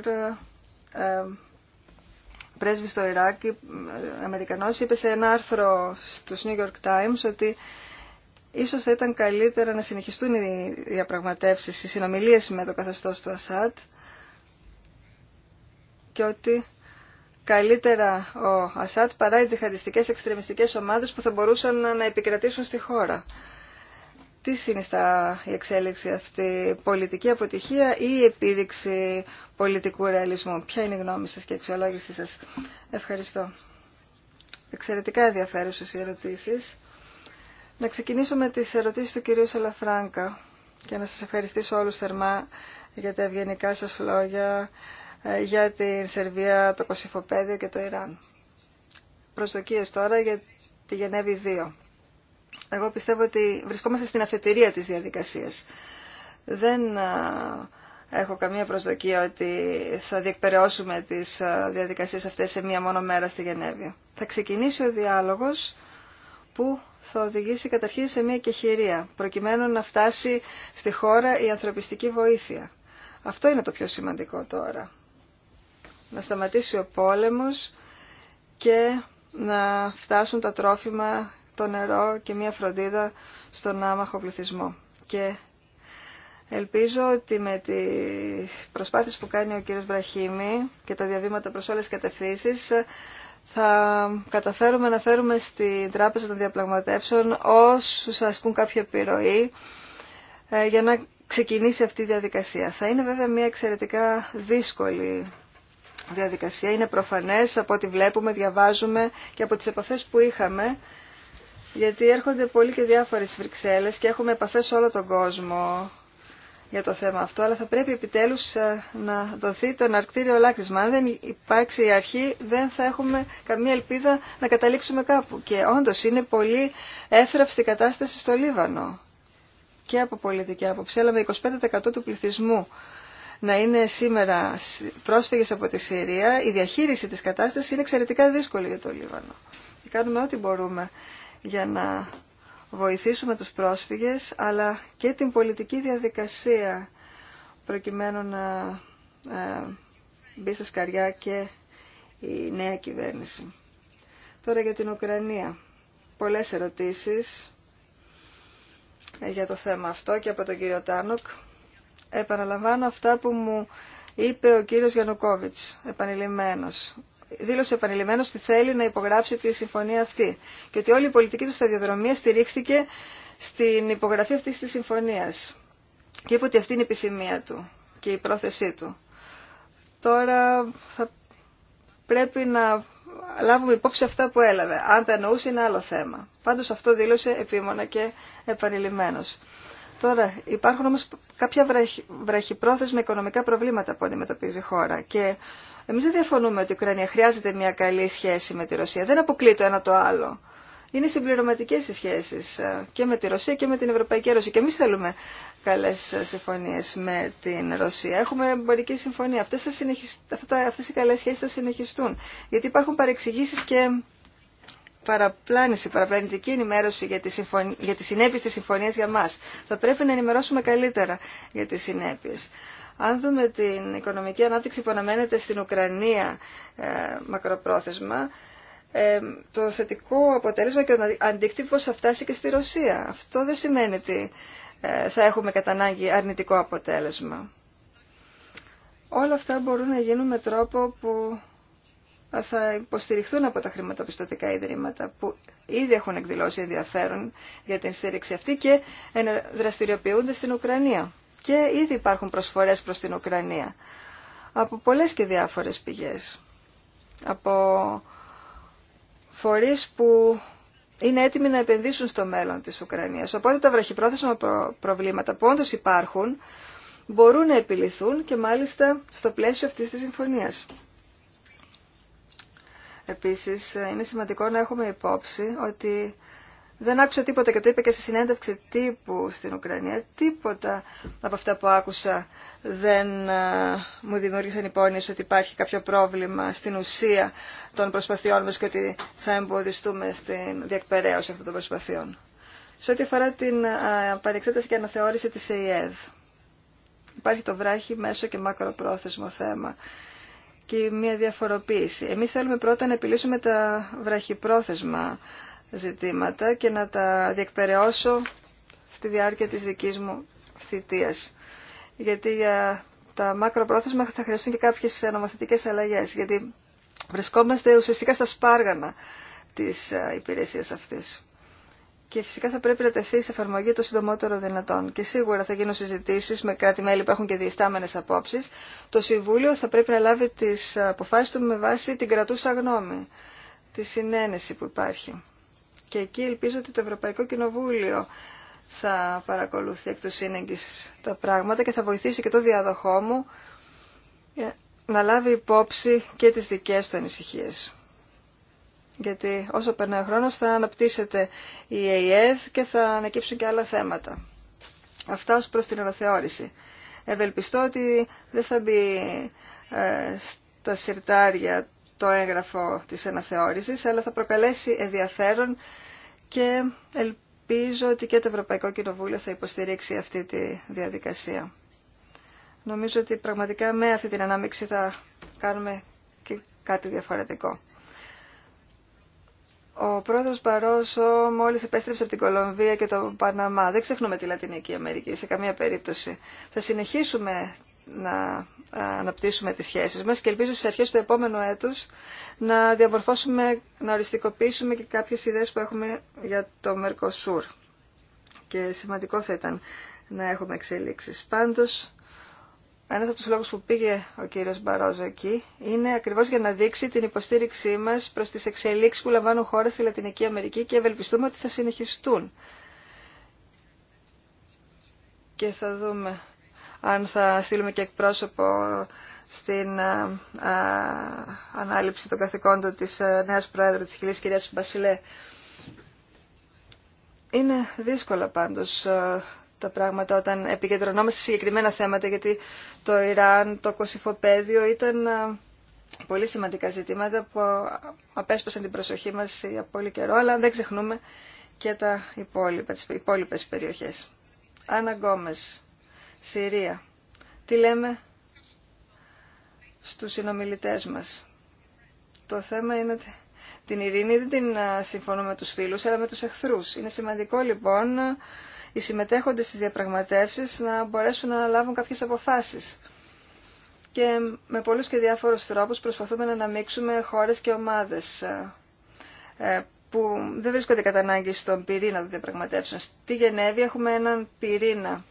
πρέσβης στο Ιράκ, ε, Αμερικανός, είπε σε ένα άρθρο στους New York Times ότι ίσως θα ήταν καλύτερα να συνεχιστούν οι διαπραγματεύσεις, οι συνομιλίες με το καθεστώς του Ασάτ και ότι καλύτερα ο Ασάτ παρά οι τζιχαντιστικές εξτρεμιστικές ομάδες που θα μπορούσαν να επικρατήσουν στη χώρα τι συνιστά η εξέλιξη αυτή, πολιτική αποτυχία ή επίδειξη πολιτικού ρεαλισμού. Ποια είναι η γνώμη σας και η αξιολόγησή σας. Ευχαριστώ. Εξαιρετικά ενδιαφέρουσες οι ερωτήσεις. Να ξεκινήσω με τις ερωτήσεις του κυρίου Σαλαφράγκα και να σας ευχαριστήσω όλους θερμά για τα ευγενικά σας λόγια ε, για την Σερβία, το Κωσυφοπαίδιο και το Ιράν. Προσδοκίες τώρα για τη Γενέβη 2. Εγώ πιστεύω ότι βρισκόμαστε στην αφετηρία της διαδικασίας. Δεν έχω καμία προσδοκία ότι θα διεκπαιρεώσουμε τις διαδικασίες αυτές σε μία μόνο μέρα στη Γενέβη. Θα ξεκινήσει ο διάλογος που θα οδηγήσει καταρχήν σε μία κεχηρία, προκειμένου να φτάσει στη χώρα η ανθρωπιστική βοήθεια. Αυτό είναι το πιο σημαντικό τώρα. Να σταματήσει ο πόλεμος και να φτάσουν τα τρόφιμα το νερό και μια φροντίδα στον άμαχο πληθυσμό. Και ελπίζω ότι με τις προσπάθειες που κάνει ο κύριος Μπραχήμη και τα διαβήματα προς όλες τις κατευθύνσεις θα καταφέρουμε να φέρουμε στην Τράπεζα των Διαπραγματεύσεων όσους ασκούν κάποια επιρροή ε, για να ξεκινήσει αυτή η διαδικασία. Θα είναι βέβαια μια εξαιρετικά δύσκολη διαδικασία. Είναι προφανές από ό,τι βλέπουμε, διαβάζουμε και από τις επαφές που είχαμε γιατί έρχονται πολλοί και διάφορες Βρυξέλλες και έχουμε επαφές σε όλο τον κόσμο για το θέμα αυτό, αλλά θα πρέπει επιτέλους ε, να δοθεί το αναρκτήριο λάκρισμα. Αν δεν υπάρξει η αρχή, δεν θα έχουμε καμία ελπίδα να καταλήξουμε κάπου. Και όντως είναι πολύ έθραυστη κατάσταση στο Λίβανο και από πολιτική άποψη, αλλά με 25% του πληθυσμού να είναι σήμερα πρόσφυγες από τη Συρία, η διαχείριση της κατάστασης είναι εξαιρετικά δύσκολη για το Λίβανο. Και κάνουμε ό,τι μπορούμε για να βοηθήσουμε τους πρόσφυγες αλλά και την πολιτική διαδικασία προκειμένου να ε, μπει στα σκαριά και η νέα κυβέρνηση. Τώρα για την Ουκρανία. Πολλές ερωτήσεις ε, για το θέμα αυτό και από τον κύριο Τάνοκ. Επαναλαμβάνω αυτά που μου είπε ο κύριος Γιαννουκόβιτς, επανειλημμένος δήλωσε επανειλημμένω ότι θέλει να υπογράψει τη συμφωνία αυτή και ότι όλη η πολιτική του σταδιοδρομία στηρίχθηκε στην υπογραφή αυτή τη συμφωνία. Και είπε ότι αυτή είναι η επιθυμία του και η πρόθεσή του. Τώρα θα πρέπει να λάβουμε υπόψη αυτά που έλαβε. Αν τα εννοούσε είναι άλλο θέμα. Πάντως αυτό δήλωσε επίμονα και επανειλημμένος. Τώρα υπάρχουν όμως κάποια βραχυπρόθεσμα οικονομικά προβλήματα που αντιμετωπίζει η χώρα και Εμεί δεν διαφωνούμε ότι η Ουκρανία χρειάζεται μια καλή σχέση με τη Ρωσία. Δεν αποκλείται το ένα το άλλο. Είναι συμπληρωματικέ οι σχέσει ε, και με τη Ρωσία και με την Ευρωπαϊκή Ένωση. Και εμεί θέλουμε καλέ ε, συμφωνίε με την Ρωσία. Έχουμε εμπορική συμφωνία. Αυτές, οι καλέ σχέσει θα συνεχιστούν. Γιατί υπάρχουν παρεξηγήσει και παραπλάνηση, παραπλανητική ενημέρωση για τις, συμφων... για τις συνέπειες της συμφωνίας για μας. Θα πρέπει να ενημερώσουμε καλύτερα για τις συνέπειες. Αν δούμε την οικονομική ανάπτυξη που αναμένεται στην Ουκρανία ε, μακροπρόθεσμα, ε, το θετικό αποτέλεσμα και ο αντίκτυπος θα φτάσει και στη Ρωσία. Αυτό δεν σημαίνει ότι ε, θα έχουμε κατά ανάγκη αρνητικό αποτέλεσμα. Όλα αυτά μπορούν να γίνουν με τρόπο που θα υποστηριχθούν από τα χρηματοπιστωτικά ιδρύματα που ήδη έχουν εκδηλώσει ενδιαφέρον για την στήριξη αυτή και δραστηριοποιούνται στην Ουκρανία και ήδη υπάρχουν προσφορές προς την Ουκρανία από πολλές και διάφορες πηγές. Από φορείς που είναι έτοιμοι να επενδύσουν στο μέλλον της Ουκρανίας. Οπότε τα βραχυπρόθεσμα προβλήματα που όντως υπάρχουν μπορούν να επιληθούν και μάλιστα στο πλαίσιο αυτής της συμφωνίας. Επίσης, είναι σημαντικό να έχουμε υπόψη ότι δεν άκουσα τίποτα και το είπα και σε συνέντευξη τύπου στην Ουκρανία. Τίποτα από αυτά που άκουσα δεν ε, μου δημιούργησαν υπόνοιες ότι υπάρχει κάποιο πρόβλημα στην ουσία των προσπαθειών μας και ότι θα εμποδιστούμε στην διεκπαιρέωση αυτών των προσπαθειών. Σε ό,τι αφορά την ε, παρεξέταση και αναθεώρηση της ΕΙΕΔ, υπάρχει το βράχι, μέσο και μακροπρόθεσμο θέμα και μια διαφοροποίηση. Εμείς θέλουμε πρώτα να επιλύσουμε τα βραχυπρόθεσμα ζητήματα και να τα διεκπαιρεώσω στη διάρκεια της δικής μου θητείας. Γιατί για τα μακροπρόθεσμα θα χρειαστούν και κάποιες νομοθετικές αλλαγές, γιατί βρισκόμαστε ουσιαστικά στα σπάργανα της ε, υπηρεσίας αυτής. Και φυσικά θα πρέπει να τεθεί σε εφαρμογή το συντομότερο δυνατόν. Και σίγουρα θα γίνουν συζητήσει με κράτη-μέλη που έχουν και διεστάμενε απόψει. Το Συμβούλιο θα πρέπει να λάβει τι αποφάσεις του με βάση την κρατούσα γνώμη, τη συνένεση που υπάρχει. Και εκεί ελπίζω ότι το Ευρωπαϊκό Κοινοβούλιο θα παρακολουθεί εκ του σύνεγγης τα πράγματα και θα βοηθήσει και το διάδοχό μου να λάβει υπόψη και τις δικές του ανησυχίες. Γιατί όσο περνάει ο χρόνος θα αναπτύσσεται η ΕΕΔ και θα ανακύψουν και άλλα θέματα. Αυτά ως προς την αναθεώρηση. Ευελπιστώ ότι δεν θα μπει ε, στα συρτάρια το έγγραφο της αναθεώρησης, αλλά θα προκαλέσει ενδιαφέρον και ελπίζω ότι και το Ευρωπαϊκό Κοινοβούλιο θα υποστηρίξει αυτή τη διαδικασία. Νομίζω ότι πραγματικά με αυτή την ανάμειξη θα κάνουμε και κάτι διαφορετικό. Ο πρόεδρος Μπαρόσο μόλις επέστρεψε από την Κολομβία και το Παναμά. Δεν ξεχνούμε τη Λατινική Αμερική σε καμία περίπτωση. Θα συνεχίσουμε να ε, αναπτύσσουμε τις σχέσεις μας και ελπίζω στις αρχές του επόμενου έτους να διαμορφώσουμε, να οριστικοποιήσουμε και κάποιες ιδέες που έχουμε για το Μερκοσούρ. Και σημαντικό θα ήταν να έχουμε εξελίξεις. Πάντως, ένας από τους λόγους που πήγε ο κύριος Μπαρόζο εκεί είναι ακριβώς για να δείξει την υποστήριξή μας προς τις εξελίξεις που λαμβάνουν χώρα στη Λατινική Αμερική και ευελπιστούμε ότι θα συνεχιστούν. Και θα δούμε αν θα στείλουμε και εκπρόσωπο στην α, ε, α, ε, ανάληψη των καθηκόντων της α, ε, νέας πρόεδρου της Χιλής κυρίας Μπασιλέ. Είναι δύσκολα πάντως τα πράγματα όταν επικεντρωνόμαστε σε συγκεκριμένα θέματα γιατί το Ιράν, το Κωσυφοπαίδιο ήταν πολύ σημαντικά ζητήματα που απέσπασαν την προσοχή μας για πολύ καιρό αλλά δεν ξεχνούμε και τα υπόλοιπα, τις υπόλοιπες περιοχές. Άννα Γκόμες, Συρία. Τι λέμε στους συνομιλητές μας. Το θέμα είναι ότι την ειρήνη δεν την συμφωνούμε με τους φίλους, αλλά με τους εχθρούς. Είναι σημαντικό λοιπόν οι συμμετέχοντες στις διαπραγματεύσεις να μπορέσουν να λάβουν κάποιες αποφάσεις. Και με πολλούς και διάφορους τρόπους προσπαθούμε να αναμίξουμε χώρες και ομάδες ε, που δεν βρίσκονται κατά ανάγκη στον πυρήνα των διαπραγματεύσεων. Στη Γενέβη έχουμε έναν πυρήνα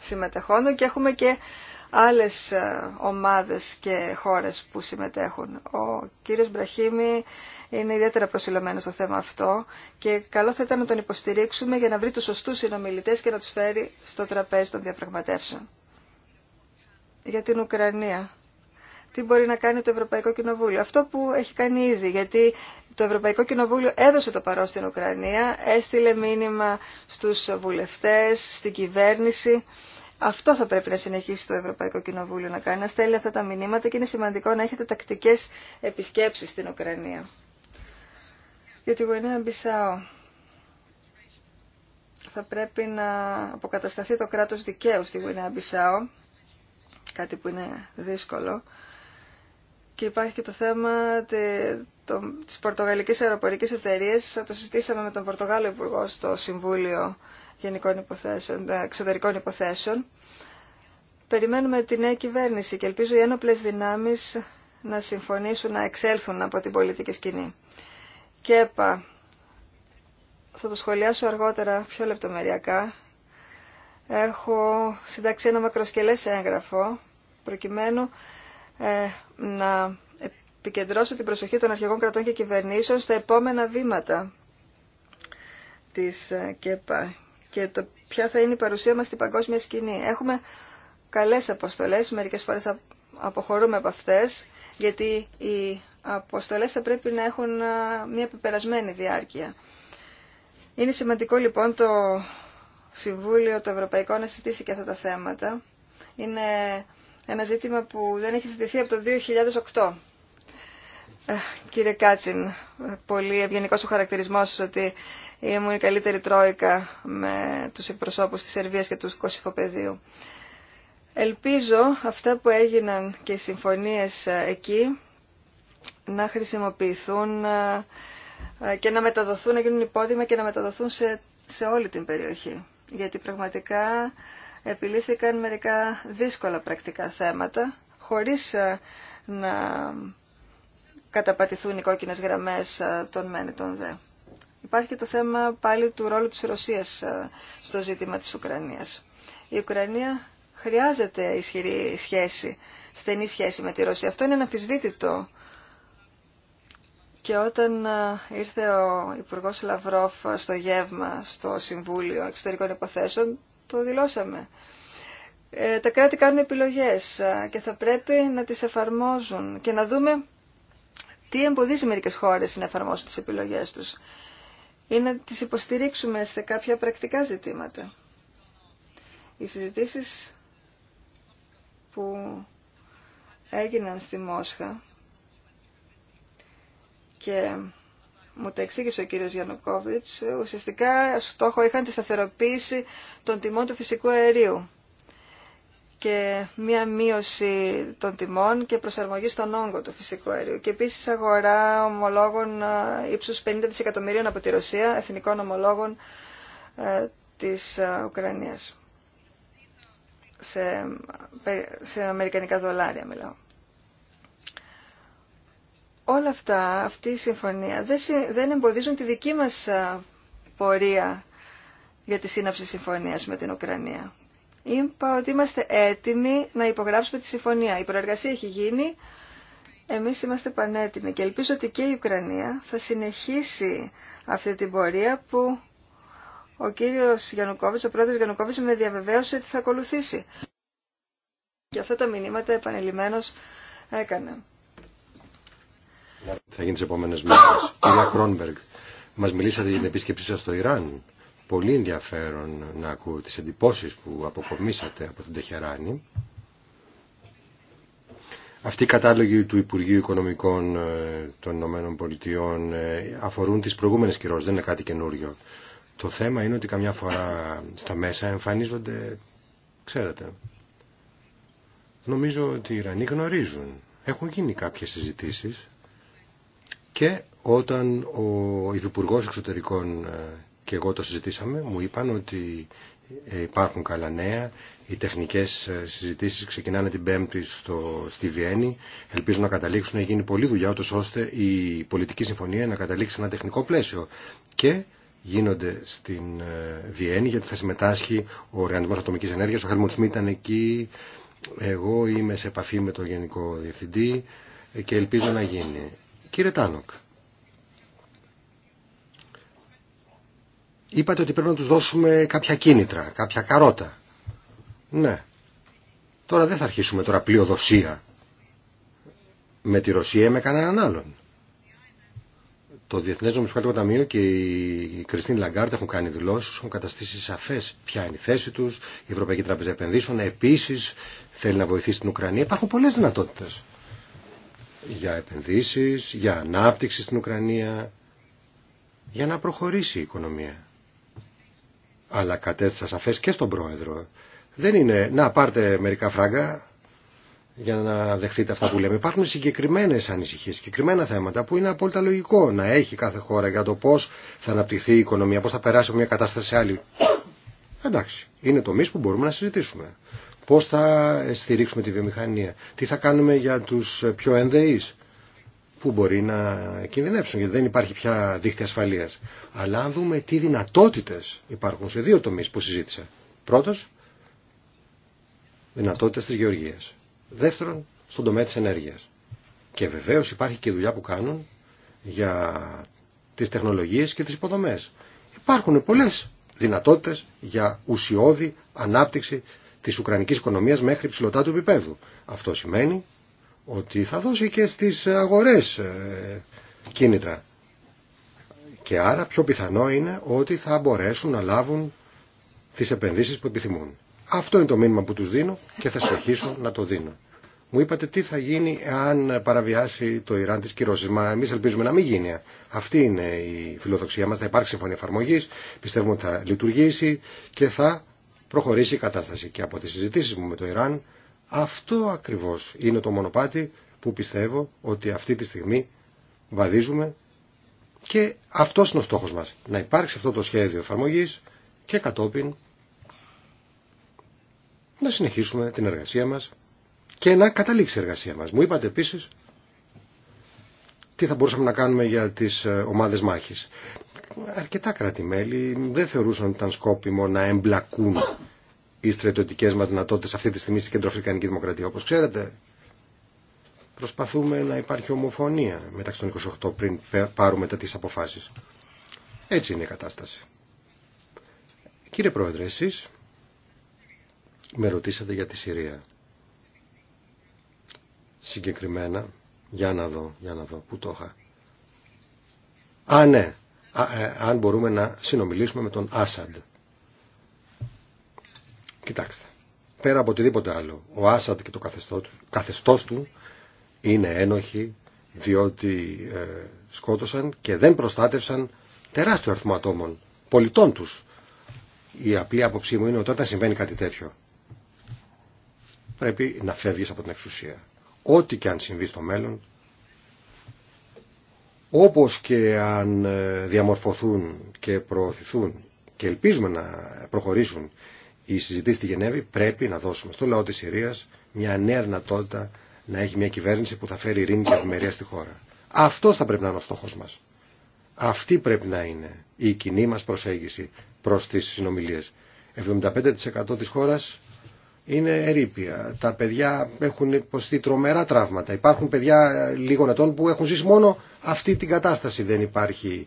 συμμετεχόντων και έχουμε και άλλες ε, ομάδες και χώρες που συμμετέχουν. Ο κύριος Μπραχήμη είναι ιδιαίτερα προσιλωμένος στο θέμα αυτό και καλό θα ήταν να τον υποστηρίξουμε για να βρει τους σωστούς συνομιλητές και να τους φέρει στο τραπέζι των διαπραγματεύσεων. Για την Ουκρανία τι μπορεί να κάνει το Ευρωπαϊκό Κοινοβούλιο. Αυτό που έχει κάνει ήδη, γιατί το Ευρωπαϊκό Κοινοβούλιο έδωσε το παρόν στην Ουκρανία, έστειλε μήνυμα στους βουλευτές, στην κυβέρνηση. Αυτό θα πρέπει να συνεχίσει το Ευρωπαϊκό Κοινοβούλιο να κάνει, να στέλνει αυτά τα μηνύματα και είναι σημαντικό να έχετε τακτικές επισκέψεις στην Ουκρανία. Για τη Γουενέα Μπισάο θα πρέπει να αποκατασταθεί το κράτος δικαίου στη Γουενέα Μπισάο, κάτι που είναι δύσκολο. Και υπάρχει και το θέμα της Πορτογαλικής Αεροπορικής Εταιρείας. Το συζητήσαμε με τον Πορτογάλο Υπουργό στο Συμβούλιο Γενικών Υποθέσεων, ε, Εξωτερικών Υποθέσεων. Περιμένουμε τη νέα κυβέρνηση και ελπίζω οι ένοπλες δυνάμεις να συμφωνήσουν να εξέλθουν από την πολιτική σκηνή. Και έπα, θα το σχολιάσω αργότερα πιο λεπτομεριακά. Έχω συντάξει ένα μακροσκελές έγγραφο προκειμένου ε, να επικεντρώσω την προσοχή των αρχηγών κρατών και κυβερνήσεων στα επόμενα βήματα της ε, ΚΕΠΑ και το ποια θα είναι η παρουσία μας στην παγκόσμια σκηνή. Έχουμε καλές αποστολές, μερικές φορές αποχωρούμε από αυτές, γιατί οι αποστολές θα πρέπει να έχουν ε, μια πεπερασμένη διάρκεια. Είναι σημαντικό λοιπόν το Συμβούλιο το Ευρωπαϊκό να συζητήσει και αυτά τα θέματα. Είναι ένα ζήτημα που δεν έχει ζητηθεί από το 2008. Ε, κύριε Κάτσιν, πολύ ευγενικό ο χαρακτηρισμός σας ότι ήμουν η καλύτερη τρόικα με τους εκπροσώπους της Σερβίας και του Κωσυφοπεδίου. Ελπίζω αυτά που έγιναν και οι συμφωνίες ε, εκεί να χρησιμοποιηθούν ε, και να μεταδοθούν, να γίνουν υπόδειγμα και να μεταδοθούν σε, σε όλη την περιοχή. Γιατί πραγματικά επιλύθηκαν μερικά δύσκολα πρακτικά θέματα, χωρίς ε, να καταπατηθούν οι κόκκινες γραμμές ε, των μεν των δε. Υπάρχει και το θέμα πάλι του ρόλου της Ρωσίας ε, στο ζήτημα της Ουκρανίας. Η Ουκρανία χρειάζεται ισχυρή σχέση, στενή σχέση με τη Ρωσία. Αυτό είναι αναμφισβήτητο. Και όταν ήρθε ο Υπουργός Λαυρόφ στο γεύμα, στο Συμβούλιο Εξωτερικών Υποθέσεων, το δηλώσαμε. Ε, τα κράτη κάνουν επιλογές ε, και θα πρέπει να τις εφαρμόζουν και να δούμε τι εμποδίζει μερικές χώρες να εφαρμόσουν τις επιλογές τους ή να τις υποστηρίξουμε σε κάποια πρακτικά ζητήματα. Οι συζητήσεις που έγιναν στη Μόσχα και μου τα εξήγησε ο κύριος Γιαννουκόβιτς, ουσιαστικά στόχο είχαν τη σταθεροποίηση των τιμών του φυσικού αερίου και μία μείωση των τιμών και προσαρμογή στον όγκο του φυσικού αερίου. Και επίσης αγορά ομολόγων ε, ύψους 50 δισεκατομμυρίων από τη Ρωσία, εθνικών ομολόγων ε, της ε, Ουκρανίας. Σε, σε αμερικανικά δολάρια μιλάω όλα αυτά, αυτή η συμφωνία, δεν εμποδίζουν τη δική μας πορεία για τη σύναψη συμφωνίας με την Ουκρανία. Είπα ότι είμαστε έτοιμοι να υπογράψουμε τη συμφωνία. Η προεργασία έχει γίνει, εμείς είμαστε πανέτοιμοι και ελπίζω ότι και η Ουκρανία θα συνεχίσει αυτή την πορεία που ο κύριος Γιάννουκόβης, ο πρόεδρος Γιάννουκόβης, με διαβεβαίωσε ότι θα ακολουθήσει. Και αυτά τα μηνύματα επανειλημμένως έκανε θα γίνει τι επόμενε μέρε. (coughs) Κυρία Κρόνμπεργκ, μα μιλήσατε για την επίσκεψή σα στο Ιράν. Πολύ ενδιαφέρον να ακούω τι εντυπώσει που αποκομίσατε από την Τεχεράνη. Αυτή η κατάλογη του Υπουργείου Οικονομικών ε, των Ηνωμένων Πολιτειών ε, αφορούν τις προηγούμενες κυρώσεις, δεν είναι κάτι καινούριο. Το θέμα είναι ότι καμιά φορά στα μέσα εμφανίζονται, ξέρετε, νομίζω ότι οι Ιρανοί γνωρίζουν. Έχουν γίνει κάποιες συζητήσεις και όταν ο Υφυπουργό Εξωτερικών ε, και εγώ το συζητήσαμε, μου είπαν ότι ε, υπάρχουν καλά νέα. Οι τεχνικές ε, συζητήσεις ξεκινάνε την Πέμπτη στο, στη Βιέννη. Ελπίζω να καταλήξουν να γίνει πολλή δουλειά, ούτως ώστε η πολιτική συμφωνία να καταλήξει σε ένα τεχνικό πλαίσιο. Και γίνονται στην Βιέννη, γιατί θα συμμετάσχει ο Οργανισμός Ατομικής Ενέργειας. Ο Χέλμουντ ήταν εκεί. Εγώ είμαι σε επαφή με τον Γενικό Διευθυντή και ελπίζω να γίνει. Κύριε Τάνοκ, είπατε ότι πρέπει να τους δώσουμε κάποια κίνητρα, κάποια καρότα. Ναι. Τώρα δεν θα αρχίσουμε τώρα πλειοδοσία με τη Ρωσία ή με κανέναν άλλον. Το Διεθνές Νομισματικό Ταμείο και η Κριστίν Λαγκάρτ έχουν κάνει δηλώσει, έχουν καταστήσει σαφέ ποια είναι η θέση του. Η Ευρωπαϊκή Τράπεζα Επενδύσεων επίση θέλει να βοηθήσει την Ουκρανία. Υπάρχουν πολλέ δυνατότητε για επενδύσεις, για ανάπτυξη στην Ουκρανία, για να προχωρήσει η οικονομία. Αλλά κατέθεσα σαφές και στον πρόεδρο. Δεν είναι να πάρτε μερικά φράγκα για να δεχτείτε αυτά που λέμε. Υπάρχουν συγκεκριμένε ανησυχίε, συγκεκριμένα θέματα που είναι απόλυτα λογικό να έχει κάθε χώρα για το πώ θα αναπτυχθεί η οικονομία, πώ θα περάσει από μια κατάσταση σε άλλη. Εντάξει, είναι τομεί που μπορούμε να συζητήσουμε. Πώς θα στηρίξουμε τη βιομηχανία. Τι θα κάνουμε για τους πιο ενδεείς που μπορεί να κινδυνεύσουν γιατί δεν υπάρχει πια δίχτυα ασφαλείας. Αλλά αν δούμε τι δυνατότητες υπάρχουν σε δύο τομείς που συζήτησα. Πρώτος, δυνατότητες της γεωργίας. Δεύτερον, στον τομέα της ενέργειας. Και βεβαίως υπάρχει και δουλειά που κάνουν για τις τεχνολογίες και τις υποδομές. Υπάρχουν πολλές δυνατότητες για ουσιώδη ανάπτυξη της Ουκρανικής οικονομίας μέχρι ψηλωτά του επίπεδου. Αυτό σημαίνει ότι θα δώσει και στις αγορές ε, κίνητρα. Και άρα πιο πιθανό είναι ότι θα μπορέσουν να λάβουν τι επενδύσει που επιθυμούν. Αυτό είναι το μήνυμα που τους δίνω και θα συνεχίσω να το δίνω. Μου είπατε τι θα γίνει αν παραβιάσει το Ιράν τι κυρώσει. Μα εμεί ελπίζουμε να μην γίνει. Αυτή είναι η φιλοδοξία μα. Θα υπάρξει συμφωνία εφαρμογή. Πιστεύουμε ότι θα λειτουργήσει και θα προχωρήσει η κατάσταση. Και από τις συζητήσεις μου με το Ιράν αυτό ακριβώς είναι το μονοπάτι που πιστεύω ότι αυτή τη στιγμή βαδίζουμε και αυτός είναι ο στόχος μας. Να υπάρξει αυτό το σχέδιο εφαρμογής και κατόπιν να συνεχίσουμε την εργασία μας και να καταλήξει η εργασία μας. Μου είπατε επίσης τι θα μπορούσαμε να κάνουμε για τις ε, ομάδες μάχης αρκετά δεν θεωρούσαν ότι ήταν σκόπιμο να εμπλακούν οι στρατιωτικές μας δυνατότητες αυτή τη στιγμή στην Κεντροαφρικανική Δημοκρατία. Όπως ξέρετε, προσπαθούμε να υπάρχει ομοφωνία μεταξύ των 28 πριν πάρουμε τις αποφάσεις. Έτσι είναι η κατάσταση. Κύριε Πρόεδρε, εσείς με ρωτήσατε για τη Συρία. Συγκεκριμένα, για να δω, για να δω, πού το είχα. Α, ναι, ε, αν μπορούμε να συνομιλήσουμε με τον Άσαντ. Κοιτάξτε, πέρα από οτιδήποτε άλλο, ο Άσαντ και το καθεστώς του είναι ένοχοι διότι ε, σκότωσαν και δεν προστάτευσαν τεράστιο αριθμό ατόμων, πολιτών τους. Η απλή άποψή μου είναι ότι όταν συμβαίνει κάτι τέτοιο πρέπει να φεύγεις από την εξουσία. Ό,τι και αν συμβεί στο μέλλον όπως και αν ε, διαμορφωθούν και προωθηθούν και ελπίζουμε να προχωρήσουν οι συζητήσεις στη Γενέβη, πρέπει να δώσουμε στο λαό της Συρίας μια νέα δυνατότητα να έχει μια κυβέρνηση που θα φέρει ειρήνη και ευημερία στη χώρα. Αυτό θα πρέπει να είναι ο στόχος μας. Αυτή πρέπει να είναι η κοινή μας προσέγγιση προς τις συνομιλίες. 75% της χώρας είναι ερήπια. Τα παιδιά έχουν υποστεί τρομερά τραύματα. Υπάρχουν παιδιά λίγων ετών που έχουν ζήσει μόνο αυτή την κατάσταση. Δεν, υπάρχει,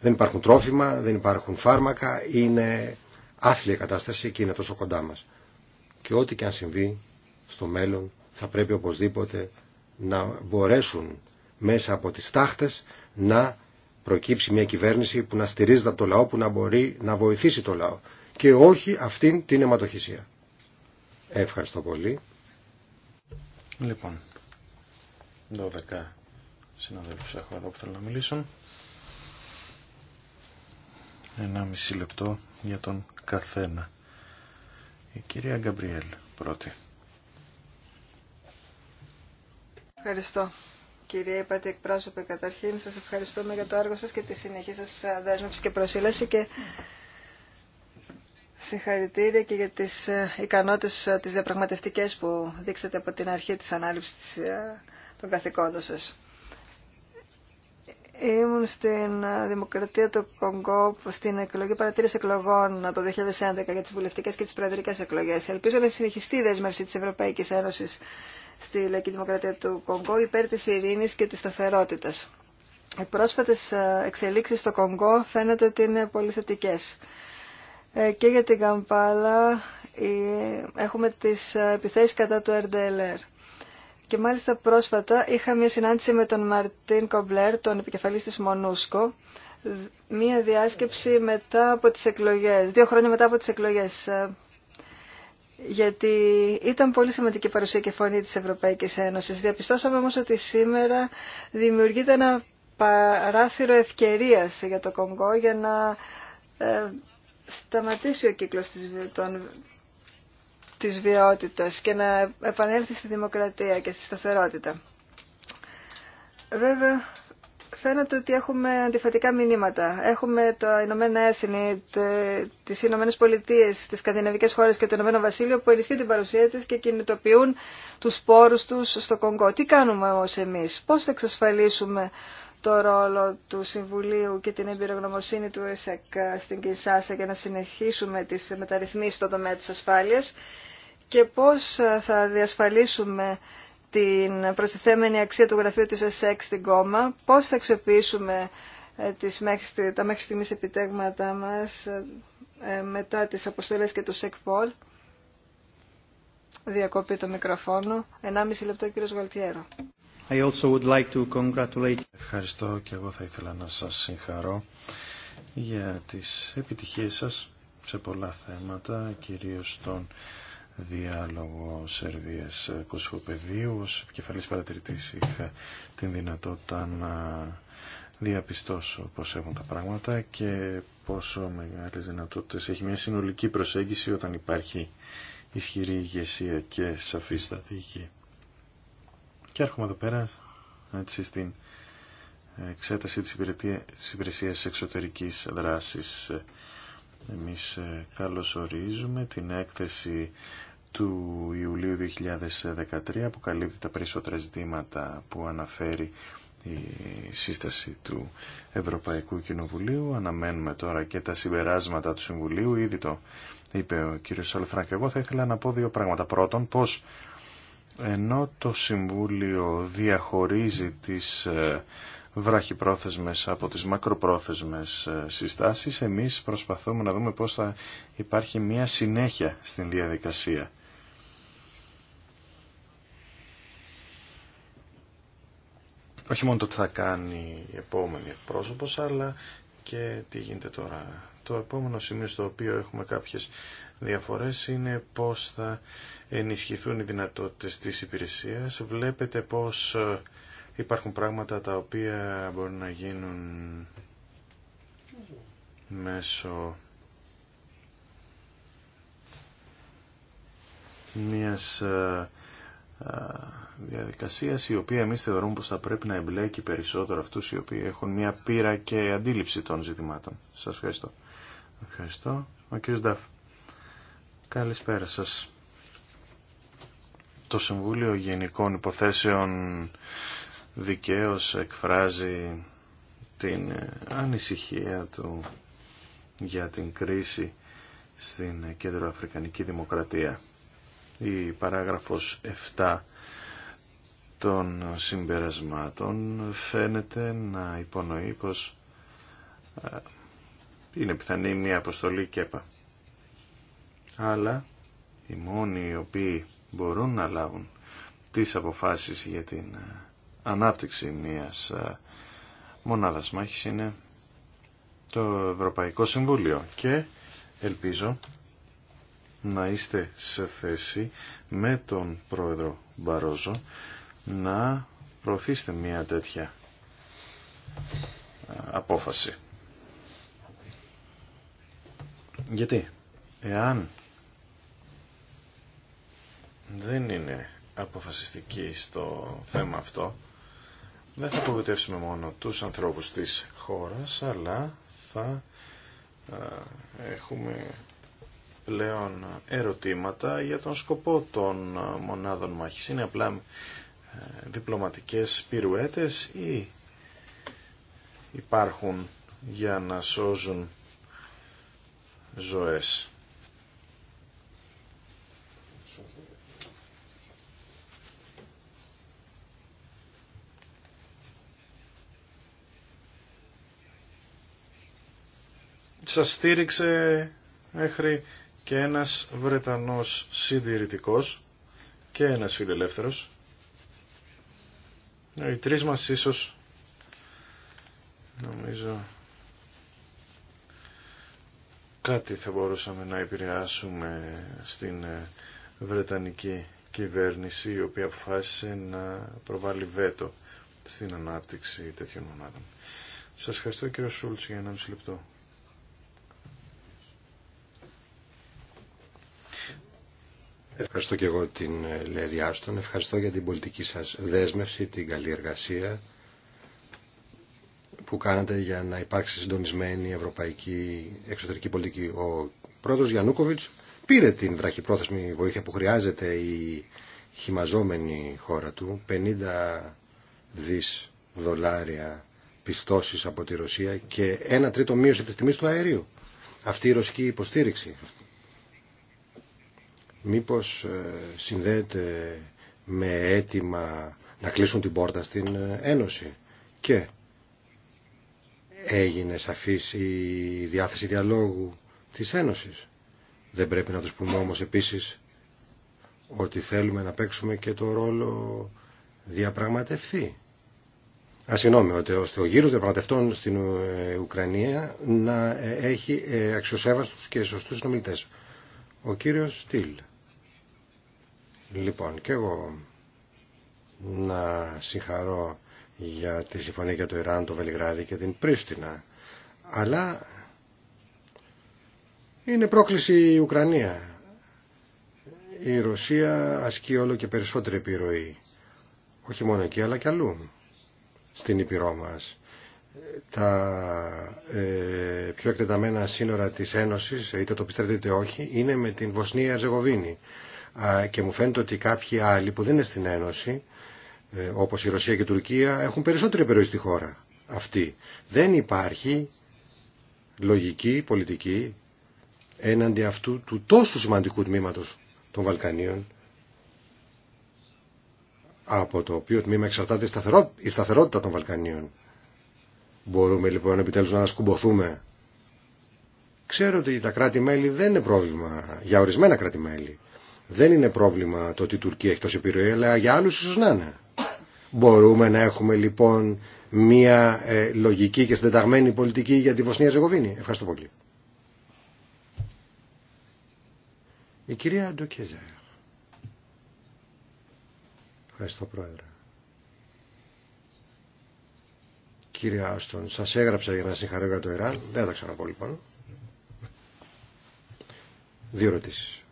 δεν υπάρχουν τρόφιμα, δεν υπάρχουν φάρμακα. Είναι άθλια κατάσταση και είναι τόσο κοντά μας. Και ό,τι και αν συμβεί στο μέλλον θα πρέπει οπωσδήποτε να μπορέσουν μέσα από τις τάχτες να προκύψει μια κυβέρνηση που να στηρίζεται από το λαό, που να μπορεί να βοηθήσει το λαό και όχι αυτήν την αιματοχυσία. Ευχαριστώ πολύ. Λοιπόν, 12 συναδέλφους έχω εδώ που θέλω να μιλήσω, ένα μισή λεπτό για τον καθένα. Η κυρία Γκαμπριέλ πρώτη. Ευχαριστώ. Κυρία Υπάτη εκπρόσωπε, καταρχήν σας ευχαριστούμε για το έργο σας και τη συνεχή σας δέσμευση και προσήλωση και Συγχαρητήρια και για τις ε, ικανότητες ε, τις διαπραγματευτικές που δείξατε από την αρχή της ανάληψης ε, των καθηκόντων σας. Ήμουν στην Δημοκρατία του Κονγκό στην εκλογή παρατήρηση εκλογών το 2011 για τις βουλευτικές και τις προεδρικές εκλογές. Ελπίζω να συνεχιστεί η δέσμευση της Ευρωπαϊκής Ένωσης στη Λαϊκή Δημοκρατία του Κονγκό υπέρ της ειρήνης και της σταθερότητας. Οι πρόσφατες εξελίξεις στο Κονγκό φαίνεται ότι είναι πολύ θετικές. Ε, και για την Καμπάλα ε, έχουμε τις ε, επιθέσεις κατά του RDLR. Και μάλιστα πρόσφατα είχα μια συνάντηση με τον Μαρτίν Κομπλέρ, τον επικεφαλής της Μονούσκο, μια διάσκεψη μετά από τις εκλογές, δύο χρόνια μετά από τις εκλογές, γιατί ήταν πολύ σημαντική παρουσία και φωνή της Ευρωπαϊκής Ένωσης. Διαπιστώσαμε όμως ότι σήμερα δημιουργείται ένα παράθυρο ευκαιρίας για το Κονγκό για να σταματήσει ο κύκλος της, των, και να επανέλθει στη δημοκρατία και στη σταθερότητα. Βέβαια, φαίνεται ότι έχουμε αντιφατικά μηνύματα. Έχουμε τα Ηνωμένα Έθνη, τις Ηνωμένε Πολιτείε, τις Σκανδιναβικές χώρες και το Ηνωμένο Βασίλειο που ενισχύουν την παρουσία της και κινητοποιούν τους σπόρους τους στο Κονγκό. Τι κάνουμε όμως εμείς, πώς θα εξασφαλίσουμε το ρόλο του Συμβουλίου και την εμπειρογνωμοσύνη του ΕΣΕΚ ε, στην Κινσάσα για να συνεχίσουμε τις μεταρρυθμίσεις στο τομέα της ασφάλειας και πώς ε, θα διασφαλίσουμε την προστιθέμενη αξία του γραφείου της ΕΣΕΚ στην κόμμα, πώς θα αξιοποιήσουμε ε, τις μέχρι, τα μέχρι στιγμής επιτέγματα μας μετά τις αποστολές και του ΣΕΚΠΟΛ. Διακοπή το μικροφόνο. 1,5 λεπτό κύριος Γαλτιέρο. Ευχαριστώ και εγώ θα ήθελα να σας συγχαρώ για τις επιτυχίες σας σε πολλά θέματα, κυρίως στον διάλογο Σερβίας Κοσμοπεδίου. Ως επικεφαλής παρατηρητής είχα την δυνατότητα να διαπιστώσω πώς έχουν τα πράγματα και πόσο μεγάλες δυνατότητες έχει μια συνολική προσέγγιση όταν υπάρχει ισχυρή ηγεσία και σαφή στρατηγική. Και έρχομαι εδώ πέρα έτσι, στην εξέταση της υπηρεσίας εξωτερικής δράσης. Εμείς ε, καλωσορίζουμε την έκθεση του Ιουλίου 2013 που καλύπτει τα περισσότερα ζητήματα που αναφέρει η σύσταση του Ευρωπαϊκού Κοινοβουλίου. Αναμένουμε τώρα και τα συμπεράσματα του Συμβουλίου. Ήδη το είπε ο κύριος Σαλφράκη. Εγώ θα ήθελα να πω δύο πράγματα. Πρώτον, πώς ενώ το Συμβούλιο διαχωρίζει τις ε, βραχυπρόθεσμες από τις μακροπρόθεσμες ε, συστάσεις, εμείς προσπαθούμε να δούμε πώς θα υπάρχει μια συνέχεια στην διαδικασία. όχι μόνο το τι θα κάνει η επόμενη εκπρόσωπος, αλλά και τι γίνεται τώρα. Το επόμενο σημείο στο οποίο έχουμε κάποιες διαφορές είναι πώς θα ενισχυθούν οι δυνατότητες της υπηρεσίας. Βλέπετε πώς ε, υπάρχουν πράγματα τα οποία μπορούν να γίνουν μέσω μιας ε, ε, διαδικασίας η οποία εμείς θεωρούμε πως θα πρέπει να εμπλέκει περισσότερο αυτούς οι οποίοι έχουν μια πείρα και αντίληψη των ζητημάτων. Σας ευχαριστώ. Ευχαριστώ. Ο Καλησπέρα σας. Το Συμβούλιο Γενικών Υποθέσεων δικαίως εκφράζει την ανησυχία του για την κρίση στην κέντροαφρικανική Δημοκρατία. Η παράγραφος 7 των συμπερασμάτων φαίνεται να υπονοεί πως ε, είναι πιθανή μια αποστολή ΚΕΠΑ αλλά οι μόνοι οι οποίοι μπορούν να λάβουν τις αποφάσεις για την ε, ανάπτυξη μιας ε, μονάδας μάχης είναι το Ευρωπαϊκό Συμβούλιο και ελπίζω να είστε σε θέση με τον πρόεδρο Μπαρόζο να προωθήσετε μια τέτοια ε, απόφαση. Γιατί, εάν δεν είναι αποφασιστική στο θέμα αυτό. Δεν θα απογοητεύσουμε μόνο τους ανθρώπους της χώρας, αλλά θα έχουμε πλέον ερωτήματα για τον σκοπό των μονάδων μάχης. Είναι απλά διπλωματικές πυρουέτες ή υπάρχουν για να σώζουν ζωές. σας στήριξε μέχρι και ένας Βρετανός συντηρητικός και ένας φιλελεύθερος. Οι τρεις μας ίσως νομίζω κάτι θα μπορούσαμε να επηρεάσουμε στην ε, Βρετανική κυβέρνηση η οποία αποφάσισε να προβάλλει βέτο στην ανάπτυξη τέτοιων μονάδων. Σας ευχαριστώ κύριο Σούλτς για ένα μισή λεπτό. Ευχαριστώ και εγώ την ε, Λέδη Άστον. Ευχαριστώ για την πολιτική σας δέσμευση, την καλή εργασία που κάνατε για να υπάρξει συντονισμένη ευρωπαϊκή εξωτερική πολιτική. Ο πρόεδρος Γιαννούκοβιτς πήρε την βραχυπρόθεσμη βοήθεια που χρειάζεται η χυμαζόμενη χώρα του, 50 δις δολάρια πιστώσεις από τη Ρωσία και ένα τρίτο μείωση της τιμής του αερίου. Αυτή η ρωσική υποστήριξη, μήπως ε, συνδέεται με αίτημα να κλείσουν την πόρτα στην ε, Ένωση και έγινε σαφής η διάθεση διαλόγου της Ένωσης. Δεν πρέπει να τους πούμε όμως επίσης ότι θέλουμε να παίξουμε και το ρόλο διαπραγματευτεί. Α, συγγνώμη, ότι ώστε ο γύρος διαπραγματευτών στην ε, Ουκρανία να έχει αξιοσέβαστους και σωστούς συνομιλητές. Ο κύριος Στυλ. Λοιπόν, και εγώ να συγχαρώ για τη συμφωνία για το Ιράν, το Βελιγράδι και την Πρίστινα. Αλλά είναι πρόκληση η Ουκρανία. Η Ρωσία ασκεί όλο και περισσότερη επιρροή. Όχι μόνο εκεί αλλά και αλλού. Στην Ήπειρό μας. Τα ε, πιο εκτεταμένα σύνορα της Ένωσης, είτε το πιστεύετε είτε όχι, είναι με την Βοσνία-Ερζεγοβίνη και μου φαίνεται ότι κάποιοι άλλοι που δεν είναι στην Ένωση, ε, όπως η Ρωσία και η Τουρκία, έχουν περισσότερη επιρροή στη χώρα αυτή. Δεν υπάρχει λογική πολιτική έναντι αυτού του τόσο σημαντικού τμήματος των Βαλκανίων από το οποίο τμήμα εξαρτάται η σταθερότητα των Βαλκανίων. Μπορούμε λοιπόν επιτέλους να ανασκουμποθούμε. Ξέρω ότι τα κράτη-μέλη δεν είναι πρόβλημα για ορισμένα κράτη-μέλη. Δεν είναι πρόβλημα το ότι η Τουρκία έχει τόση επιρροή, αλλά για άλλου ίσω να είναι. Μπορούμε να έχουμε λοιπόν μια ε, λογική και συντεταγμένη πολιτική για τη Βοσνία Ζεγοβίνη. Ευχαριστώ πολύ. Η κυρία Ντοκεζέρ. Ευχαριστώ πρόεδρε. Κύριε Άστον, σας έγραψα για να συγχαρώ για το Ιράν. Δεν θα τα ξαναπώ λοιπόν. Δύο ερωτήσεις.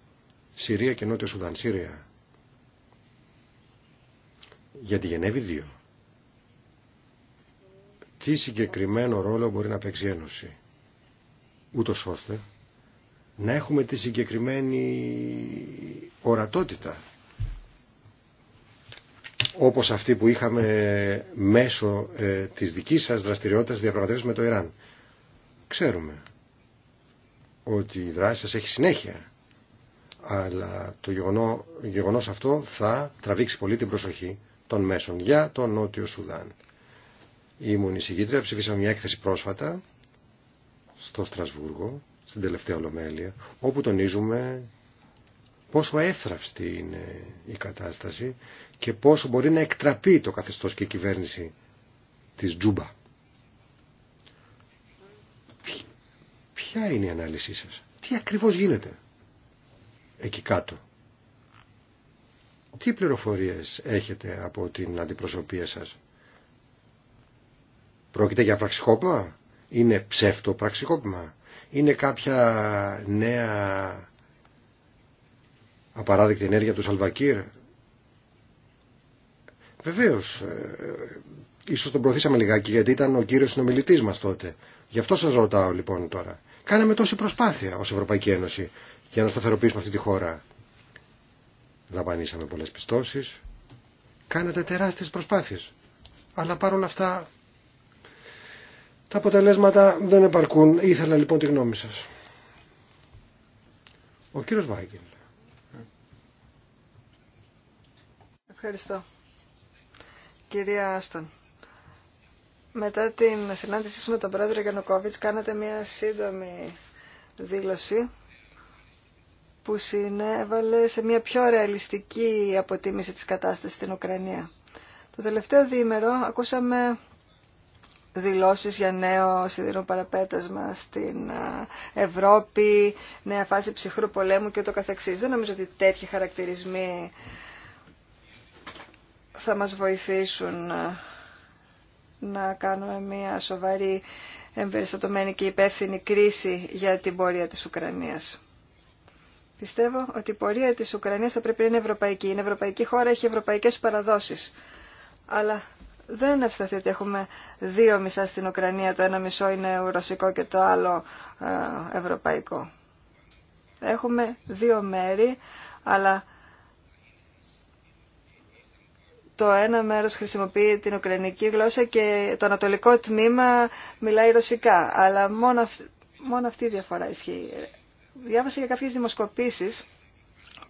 Συρία και Νότιο Σουδάν. Συρία. Για τη Γενέβη 2. Τι συγκεκριμένο ρόλο μπορεί να παίξει η Ένωση. Ούτως ώστε να έχουμε τη συγκεκριμένη ορατότητα όπως αυτή που είχαμε μέσω ε, της δικής σας δραστηριότητας διαπραγματεύσεις με το Ιράν. Ξέρουμε ότι η δράση σας έχει συνέχεια αλλά το γεγονό, γεγονός αυτό θα τραβήξει πολύ την προσοχή των μέσων για τον Νότιο Σουδάν. Ήμουν εισηγήτρια, ψηφίσαμε μια έκθεση πρόσφατα στο Στρασβούργο, στην τελευταία Ολομέλεια, όπου τονίζουμε πόσο εύθραυστη είναι η κατάσταση και πόσο μπορεί να εκτραπεί το καθεστώς και η κυβέρνηση της Τζούμπα. Ποια είναι η ανάλυση σας, τι ακριβώς γίνεται εκεί κάτω. Τι πληροφορίες έχετε από την αντιπροσωπεία σας. Πρόκειται για πραξικόπημα. Είναι ψεύτο πραξικόπημα. Είναι κάποια νέα απαράδεκτη ενέργεια του Σαλβακύρ. Βεβαίως, ε, ίσως τον προωθήσαμε λιγάκι γιατί ήταν ο κύριος συνομιλητής μας τότε. Γι' αυτό σας ρωτάω λοιπόν τώρα. Κάναμε τόση προσπάθεια ως Ευρωπαϊκή Ένωση για να σταθεροποιήσουμε αυτή τη χώρα. Δαπανίσαμε πολλές πιστώσεις, κάνατε τεράστιες προσπάθειες, αλλά παρόλα αυτά τα αποτελέσματα δεν επαρκούν. Ήθελα λοιπόν τη γνώμη σας. Ο κύριος Βάγγελ. Ευχαριστώ. Κυρία Άστον, μετά την συνάντησή με τον πρόεδρο Γιανοκόβιτς κάνατε μια σύντομη δήλωση που συνέβαλε σε μια πιο ρεαλιστική αποτίμηση της κατάστασης στην Ουκρανία. Το τελευταίο διήμερο ακούσαμε δηλώσεις για νέο σιδηρό παραπέτασμα στην Ευρώπη, νέα φάση ψυχρού πολέμου και το καθεξής. Δεν νομίζω ότι τέτοιοι χαρακτηρισμοί θα μας βοηθήσουν να κάνουμε μια σοβαρή εμπεριστατωμένη και υπεύθυνη κρίση για την πορεία της Ουκρανίας. Πιστεύω ότι η πορεία της Ουκρανίας θα πρέπει να είναι ευρωπαϊκή. Είναι ευρωπαϊκή χώρα, έχει ευρωπαϊκές παραδόσεις. Αλλά δεν ευσταθεί ότι έχουμε δύο μισά στην Ουκρανία. Το ένα μισό είναι ρωσικό και το άλλο ε, ευρωπαϊκό. Έχουμε δύο μέρη, αλλά το ένα μέρος χρησιμοποιεί την Ουκρανική γλώσσα και το ανατολικό τμήμα μιλάει ρωσικά. Αλλά μόνο αυτή η διαφορά ισχύει διάβασα για κάποιες δημοσκοπήσεις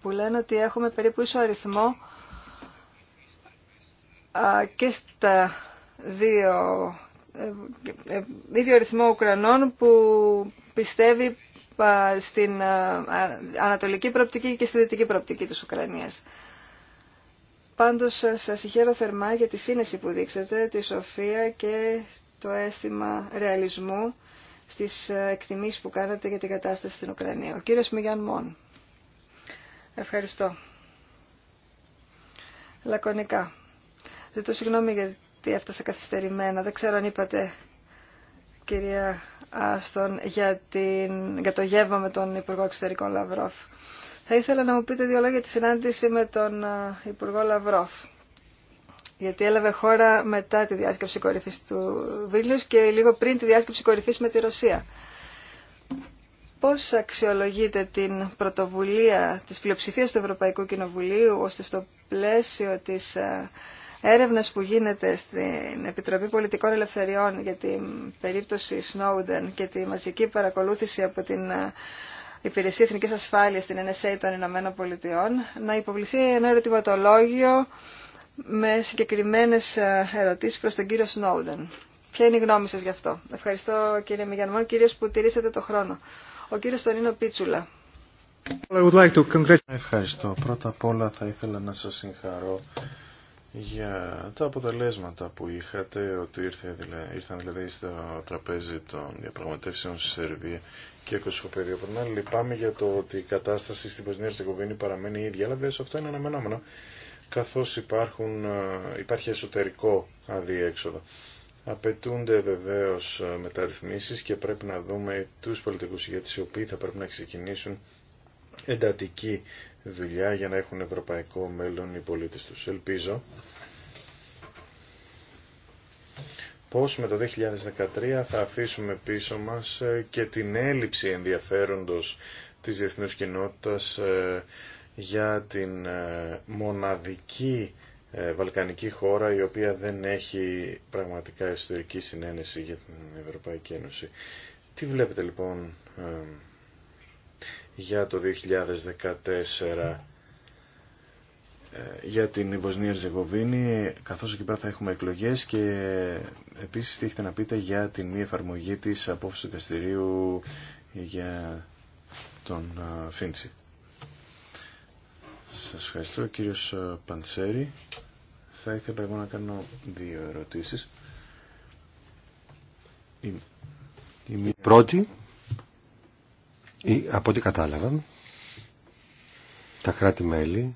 που λένε ότι έχουμε περίπου ίσο αριθμό και στα δύο ε, ε, ε, ίδιο αριθμό Ουκρανών που πιστεύει στην ανατολική προοπτική και στη δυτική προοπτική της Ουκρανίας. Πάντως σας συγχαίρω θερμά για τη σύνεση που δείξατε, τη σοφία και το αίσθημα ρεαλισμού στις ε, εκτιμήσεις που κάνατε για την κατάσταση στην Ουκρανία. Ο κύριος Μιγιάν Μόν. Ευχαριστώ. Λακωνικά. Ζητώ συγγνώμη γιατί έφτασα καθυστερημένα. Δεν ξέρω αν είπατε, κυρία Άστον, για, την... για το γεύμα με τον Υπουργό Εξωτερικών Λαυρόφ. Θα ήθελα να μου πείτε δύο λόγια τη συνάντηση με τον ε, Υπουργό Λαυρόφ γιατί έλαβε χώρα μετά τη διάσκεψη κορυφής του Βίλνιους και λίγο πριν τη διάσκεψη κορυφής με τη Ρωσία. Πώς αξιολογείτε την πρωτοβουλία της πλειοψηφίας του Ευρωπαϊκού Κοινοβουλίου ώστε στο πλαίσιο της ε, έρευνας που γίνεται στην Επιτροπή Πολιτικών Ελευθεριών για την περίπτωση Σνόουντεν και τη μαζική παρακολούθηση από την ε, Υπηρεσία Εθνικής Ασφάλειας στην NSA των Ηνωμένων Πολιτειών να υποβληθεί ένα ερωτηματολόγιο με συγκεκριμένες ε, ερωτήσεις προς τον κύριο Σνόουντεν. Ποια είναι η γνώμη σας γι' αυτό. Ευχαριστώ κύριε Μηγιανμόν, κυρίως που τηρήσατε το χρόνο. Ο κύριος Τονίνο Πίτσουλα. Ευχαριστώ. Πρώτα απ' όλα θα ήθελα να σας συγχαρώ για τα αποτελέσματα που είχατε, ότι ήρθε, ήρθαν δηλαδή στο τραπέζι των διαπραγματεύσεων στη Σερβία και Κωσικοπαίδιο. Πριν λυπάμαι για το ότι η κατάσταση στην Ποσνία Ερσεγοβίνη παραμένει ίδια, αλλά βέβαια αυτό είναι αναμενόμενο καθώς υπάρχουν, ε, υπάρχει εσωτερικό αδιέξοδο. Απαιτούνται βεβαίως ε, μεταρρυθμίσεις και πρέπει να δούμε τους πολιτικούς ηγέτες οι οποίοι θα πρέπει να ξεκινήσουν εντατική δουλειά για να έχουν ευρωπαϊκό μέλλον οι πολίτες τους. Ελπίζω πως με το 2013 θα αφήσουμε πίσω μας ε, και την έλλειψη ενδιαφέροντος της διεθνούς κοινότητας για την ε, μοναδική ε, βαλκανική χώρα η οποία δεν έχει πραγματικά ιστορική συνένεση για την Ευρωπαϊκή Ένωση. Τι βλέπετε λοιπόν ε, για το 2014 για την Βοσνία Ζεγοβίνη, καθώς εκεί πέρα θα έχουμε εκλογές και επίσης τι έχετε να πείτε για την μη εφαρμογή της απόφασης του Καστηρίου για τον Φίντσιτ σας ευχαριστώ κύριος ε, Παντσέρη. Θα ήθελα εγώ να κάνω δύο ερωτήσεις. Η, πρώτη, η, από ό,τι κατάλαβα, τα κράτη-μέλη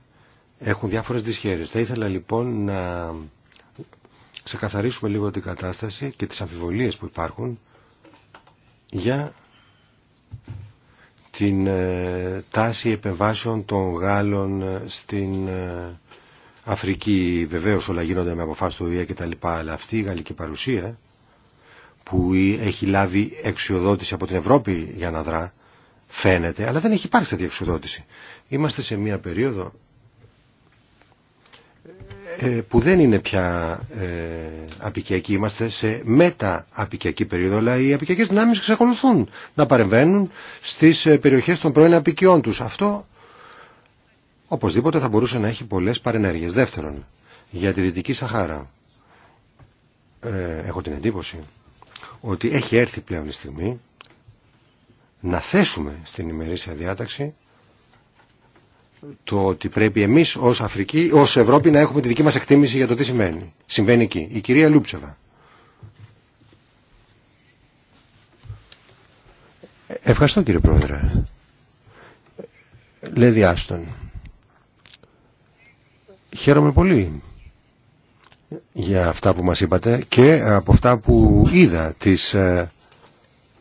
έχουν διάφορες δυσχέρειες. Θα ήθελα λοιπόν να ξεκαθαρίσουμε λίγο την κατάσταση και τις αμφιβολίες που υπάρχουν για την ε, τάση επεμβάσεων των Γάλλων ε, στην ε, Αφρική. Βεβαίως όλα γίνονται με αποφάσεις του ΙΕ και τα λοιπά, αλλά αυτή η γαλλική παρουσία που έχει λάβει εξοδότηση από την Ευρώπη για να δρά, φαίνεται, αλλά δεν έχει υπάρξει τέτοια εξοδότηση. Είμαστε σε μια περίοδο ε, που δεν είναι πια ε, απικιακή. Είμαστε σε μετα-απικιακή περίοδο, αλλά οι απικιακές δυνάμεις εξακολουθούν να παρεμβαίνουν στις ε, περιοχές των πρώην απικιών τους. Αυτό οπωσδήποτε θα μπορούσε να έχει πολλές παρενέργειες. Δεύτερον, για τη Δυτική Σαχάρα έχω την εντύπωση ότι έχει έρθει πλέον η στιγμή να θέσουμε στην ημερήσια διάταξη το ότι πρέπει εμείς ως, Αφρική, ως Ευρώπη να έχουμε τη δική μας εκτίμηση για το τι συμβαίνει. Συμβαίνει εκεί. Η κυρία Λούψεβα. Ευχαριστώ κύριε Πρόεδρε. Λέδι Άστον. Χαίρομαι πολύ για αυτά που μας είπατε και από αυτά που είδα τις ε,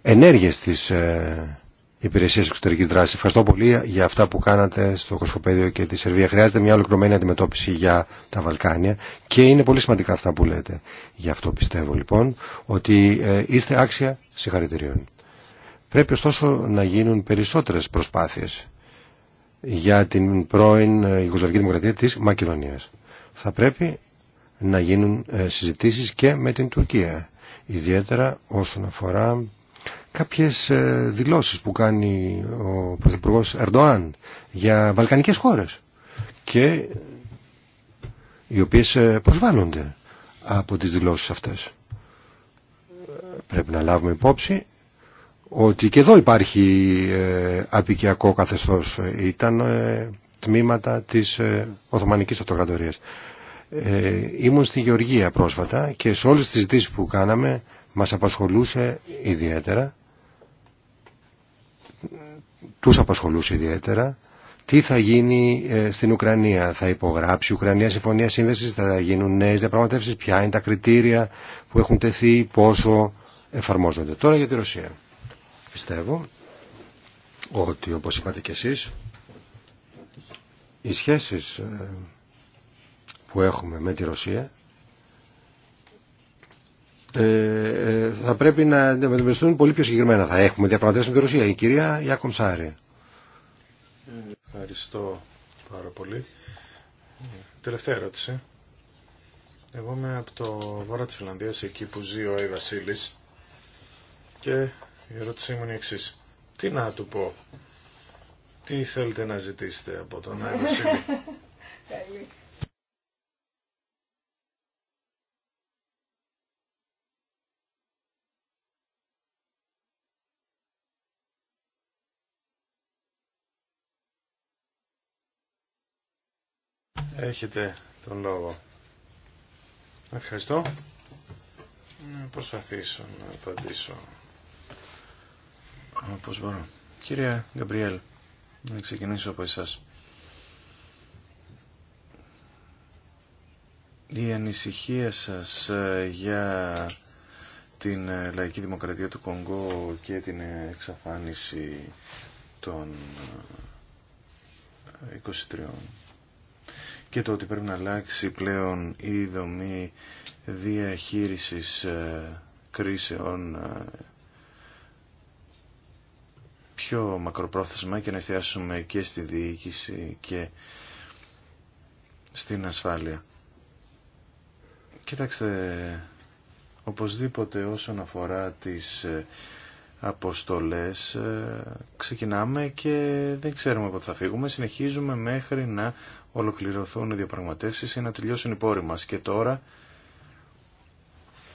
ενέργειες της ε, υπηρεσία εξωτερική δράσης. Ευχαριστώ πολύ για αυτά που κάνατε στο Κοσμοπέδιο και τη Σερβία. Χρειάζεται μια ολοκληρωμένη αντιμετώπιση για τα Βαλκάνια και είναι πολύ σημαντικά αυτά που λέτε. Γι' αυτό πιστεύω λοιπόν ότι ε, είστε άξια συγχαρητηρίων. Πρέπει ωστόσο να γίνουν περισσότερε προσπάθειες για την πρώην ε, Ιγκοσλαβική Δημοκρατία τη Μακεδονία. Θα πρέπει να γίνουν ε, συζητήσεις και με την Τουρκία, ιδιαίτερα όσον αφορά κάποιες ε, δηλώσεις που κάνει ο Πρωθυπουργός Ερντοάν για βαλκανικές χώρες και οι οποίες ε, προσβάλλονται από τις δηλώσεις αυτές. Πρέπει να λάβουμε υπόψη ότι και εδώ υπάρχει ε, απικιακό καθεστώς. Ήταν τμήματα της Οθωμανικής Αυτοκρατορίας. Ήμουν στη Γεωργία πρόσφατα και σε όλες τις ζητήσεις που κάναμε μας απασχολούσε ιδιαίτερα τους απασχολούσε ιδιαίτερα. Τι θα γίνει ε, στην Ουκρανία, θα υπογράψει η Ουκρανία Συμφωνία Σύνδεσης, θα γίνουν νέες διαπραγματεύσεις, ποια είναι τα κριτήρια που έχουν τεθεί, πόσο εφαρμόζονται. Τώρα για τη Ρωσία. Πιστεύω ότι όπως είπατε και εσείς, οι σχέσεις ε, που έχουμε με τη Ρωσία ε, ε, θα πρέπει να αντιμετωπιστούν πολύ πιο συγκεκριμένα. Θα έχουμε διαπραγματεύσει με τη Ρωσία. Η κυρία Ιάκομ Σάρη. Ευχαριστώ πάρα πολύ. Τελευταία ερώτηση. Εγώ είμαι από το βόρειο της Φιλανδίας, εκεί που ζει ο Άι Βασίλης. Και η ερώτησή μου είναι η εξής. Τι να του πω. Τι θέλετε να ζητήσετε από τον Άι (laughs) Έχετε τον λόγο. Ευχαριστώ. Να προσπαθήσω να απαντήσω όπως μπορώ. Κύριε Γκαμπριέλ, να ξεκινήσω από εσάς. Η ανησυχία σας ε, για την ε, λαϊκή δημοκρατία του Κονγκό και την εξαφάνιση των ε, 23 και το ότι πρέπει να αλλάξει πλέον η δομή διαχείρισης ε, κρίσεων ε, πιο μακροπρόθεσμα και να εστιάσουμε και στη διοίκηση και στην ασφάλεια. Κοιτάξτε, οπωσδήποτε όσον αφορά τις ε, αποστολές ξεκινάμε και δεν ξέρουμε πότε θα φύγουμε, συνεχίζουμε μέχρι να ολοκληρωθούν οι διαπραγματεύσεις ή να τελειώσουν οι πόροι μας. Και τώρα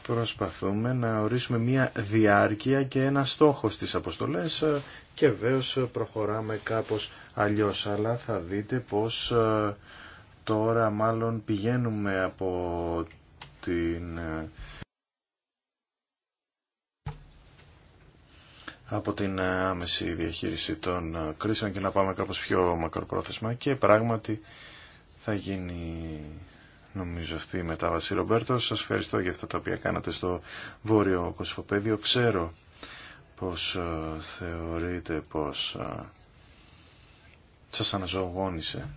προσπαθούμε να ορίσουμε μια διάρκεια και ένα στόχο στις αποστολές και βέβαιως προχωράμε κάπως αλλιώς. Αλλά θα δείτε πως ε, τώρα μάλλον πηγαίνουμε από την ε, από την ε, άμεση διαχείριση των ε, κρίσεων και να πάμε κάπως πιο μακροπρόθεσμα και πράγματι θα γίνει νομίζω αυτή η μετάβαση. Ρομπέρτο, σας ευχαριστώ για αυτά τα οποία κάνατε στο Βόρειο Κοσφοπέδιο. Ξέρω πως ε, θεωρείτε πως σας αναζωογόνησε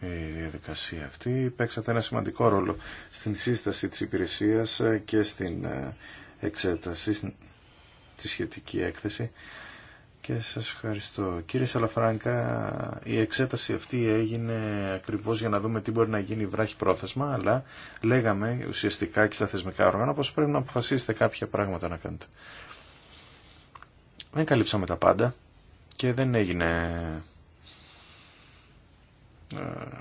η διαδικασία αυτή. Παίξατε ένα σημαντικό ρόλο στην σύσταση της υπηρεσίας και στην εξέταση, τη σχετική έκθεση και σας ευχαριστώ. Κύριε Σαλαφράγκα, η εξέταση αυτή έγινε ακριβώς για να δούμε τι μπορεί να γίνει βράχη πρόθεσμα, αλλά λέγαμε ουσιαστικά και στα θεσμικά όργανα πως πρέπει να αποφασίσετε κάποια πράγματα να κάνετε. Δεν καλύψαμε τα πάντα και δεν έγινε ε,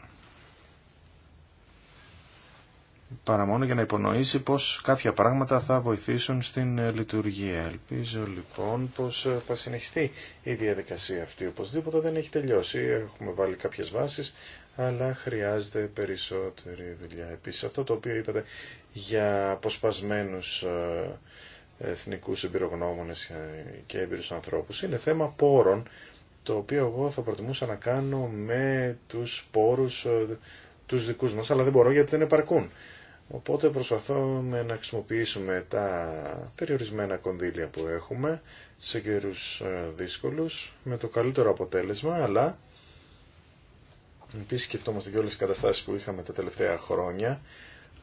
παρά μόνο για να υπονοήσει πως κάποια πράγματα θα βοηθήσουν στην ε, λειτουργία. Ελπίζω λοιπόν πως ε, θα συνεχιστεί η διαδικασία αυτή. Οπωσδήποτε δεν έχει τελειώσει. Έχουμε βάλει κάποιες βάσεις, αλλά χρειάζεται περισσότερη δουλειά. Επίσης αυτό το οποίο είπατε για αποσπασμένους ε, εθνικούς εμπειρογνώμονες και έμπειρους ανθρώπους είναι θέμα πόρων το οποίο εγώ θα προτιμούσα να κάνω με τους πόρους τους δικούς μας, αλλά δεν μπορώ γιατί δεν επαρκούν. Οπότε προσπαθούμε να χρησιμοποιήσουμε τα περιορισμένα κονδύλια που έχουμε σε καιρούς ε, δύσκολους με το καλύτερο αποτέλεσμα, αλλά επίσης σκεφτόμαστε και όλες τις καταστάσεις που είχαμε τα τελευταία χρόνια,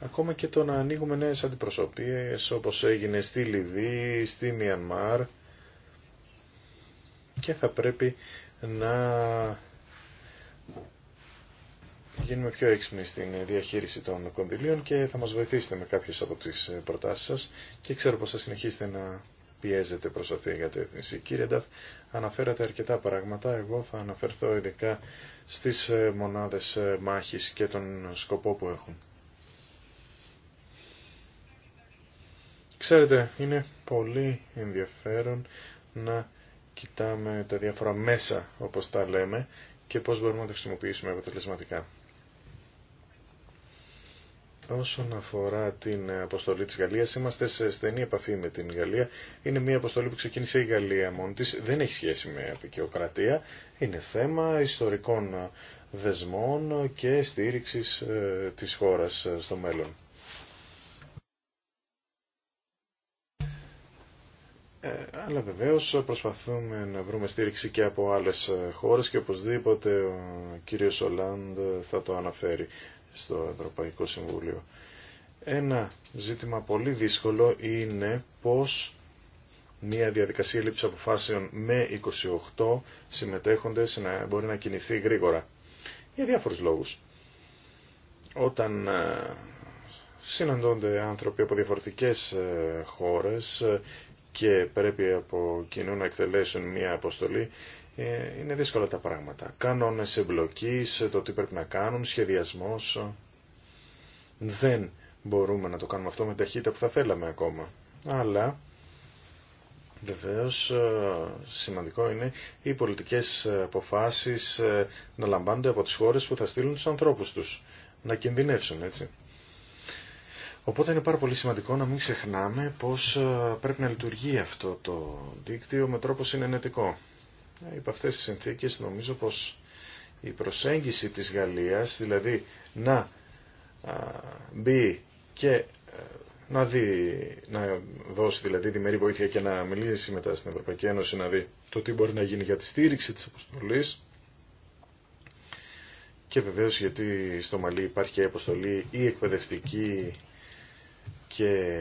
ακόμα και το να ανοίγουμε νέες αντιπροσωπίες όπως έγινε στη Λιβύη, στη Μιανμάρ και θα πρέπει να γίνουμε πιο έξυπνοι στην διαχείριση των κονδυλίων και θα μας βοηθήσετε με κάποιες από τις ε, προτάσεις σας και ξέρω πως θα συνεχίσετε να πιέζετε προς αυτή την κατεύθυνση. Κύριε Νταφ, αναφέρατε αρκετά πράγματα. Εγώ θα αναφερθώ ειδικά στις ε, μονάδες ε, μάχης και τον σκοπό που έχουν. Ξέρετε, είναι πολύ ενδιαφέρον να κοιτάμε τα διάφορα μέσα, όπως τα λέμε, και πώς μπορούμε να τα χρησιμοποιήσουμε αποτελεσματικά. Όσον αφορά την αποστολή της Γαλλίας, είμαστε σε στενή επαφή με την Γαλλία. Είναι μια αποστολή που ξεκίνησε η Γαλλία μόνη της. Δεν έχει σχέση με απεικιοκρατία. Είναι θέμα ιστορικών δεσμών και στήριξης ε, της χώρας ε, στο μέλλον. Ε, αλλά βεβαίως προσπαθούμε να βρούμε στήριξη και από άλλες χώρες και οπωσδήποτε ο κύριος Ολάντ θα το αναφέρει στο Ευρωπαϊκό Συμβούλιο. Ένα ζήτημα πολύ δύσκολο είναι πώς μια διαδικασία λήψη αποφάσεων με 28 συμμετέχοντες να μπορεί να κινηθεί γρήγορα. Για διάφορους λόγους. Όταν ε, συναντώνται άνθρωποι από διαφορετικές ε, χώρες ε, και πρέπει από κοινού να εκτελέσουν μια αποστολή, ε, είναι δύσκολα τα πράγματα. Κανόνες εμπλοκής, το τι πρέπει να κάνουν, σχεδιασμός. Δεν μπορούμε να το κάνουμε αυτό με ταχύτητα που θα θέλαμε ακόμα. Αλλά βεβαίως ε, σημαντικό είναι οι πολιτικές αποφάσεις ε, να λαμβάνονται από τις χώρες που θα στείλουν τους ανθρώπους τους. Να κινδυνεύσουν έτσι. Οπότε είναι πάρα πολύ σημαντικό να μην ξεχνάμε πως πρέπει να λειτουργεί αυτό το δίκτυο με τρόπο συνενετικό. Υπό αυτές τις συνθήκες νομίζω πως η προσέγγιση της Γαλλίας, δηλαδή να μπει και ε, να, δει, να δώσει δηλαδή μερή βοήθεια και να μιλήσει μετά στην Ευρωπαϊκή Ένωση να δει το τι μπορεί να γίνει για τη στήριξη της αποστολής και βεβαίως γιατί στο Μαλί υπάρχει αποστολή η εκπαιδευτική και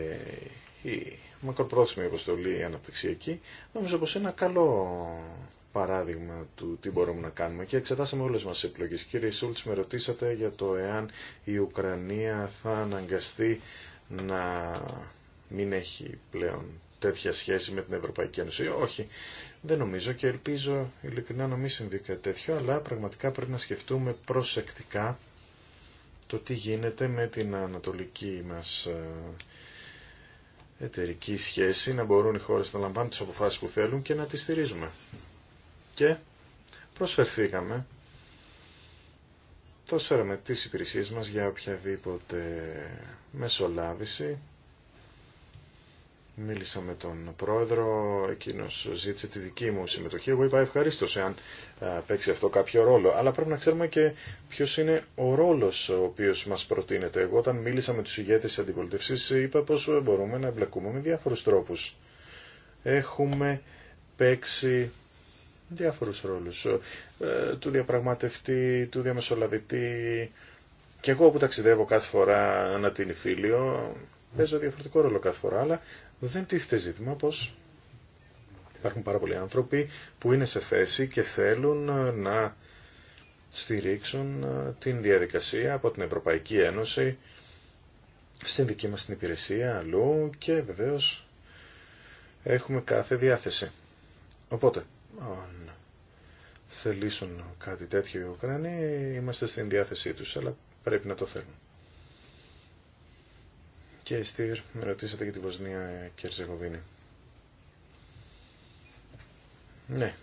η μακροπρόθεσμη αποστολή αναπτυξιακή νομίζω πως είναι ένα καλό παράδειγμα του τι μπορούμε να κάνουμε και εξετάσαμε όλες μας τις επιλογές. Κύριε Σούλτς, με ρωτήσατε για το εάν η Ουκρανία θα αναγκαστεί να μην έχει πλέον τέτοια σχέση με την Ευρωπαϊκή Ένωση. Όχι, δεν νομίζω και ελπίζω ειλικρινά να μην συμβεί κάτι τέτοιο, αλλά πραγματικά πρέπει να σκεφτούμε προσεκτικά το τι γίνεται με την ανατολική μας ε, εταιρική σχέση, να μπορούν οι χώρες να λαμβάνουν τις αποφάσεις που θέλουν και να τις στηρίζουμε και προσφερθήκαμε προσφέραμε τις υπηρεσίες μας για οποιαδήποτε μεσολάβηση. Μίλησα με τον πρόεδρο, εκείνος ζήτησε τη δική μου συμμετοχή. Εγώ είπα ευχαρίστως εάν παίξει αυτό κάποιο ρόλο. Αλλά πρέπει να ξέρουμε και ποιος είναι ο ρόλος ο οποίος μας προτείνεται. Εγώ όταν μίλησα με τους ηγέτες της αντιπολιτευσής είπα πως μπορούμε να εμπλακούμε με διάφορους τρόπους. Έχουμε παίξει διάφορους ρόλους. Ε, του διαπραγματευτή, του διαμεσολαβητή. Και εγώ που ταξιδεύω κάθε φορά ανά την Ιφίλιο, παίζω διαφορετικό ρόλο κάθε φορά, αλλά δεν τίθεται ζήτημα πως υπάρχουν πάρα πολλοί άνθρωποι που είναι σε θέση και θέλουν να στηρίξουν ε, την διαδικασία από την Ευρωπαϊκή Ένωση στην δική μας την υπηρεσία, αλλού και βεβαίως έχουμε κάθε διάθεση. Οπότε, αν θελήσουν κάτι τέτοιο οι Ουκρανοί, είμαστε στην διάθεσή τους, αλλά πρέπει να το θέλουν. Και Στυρ με ρωτήσατε για τη Βοσνία και Ερζεγοβίνη. Ναι.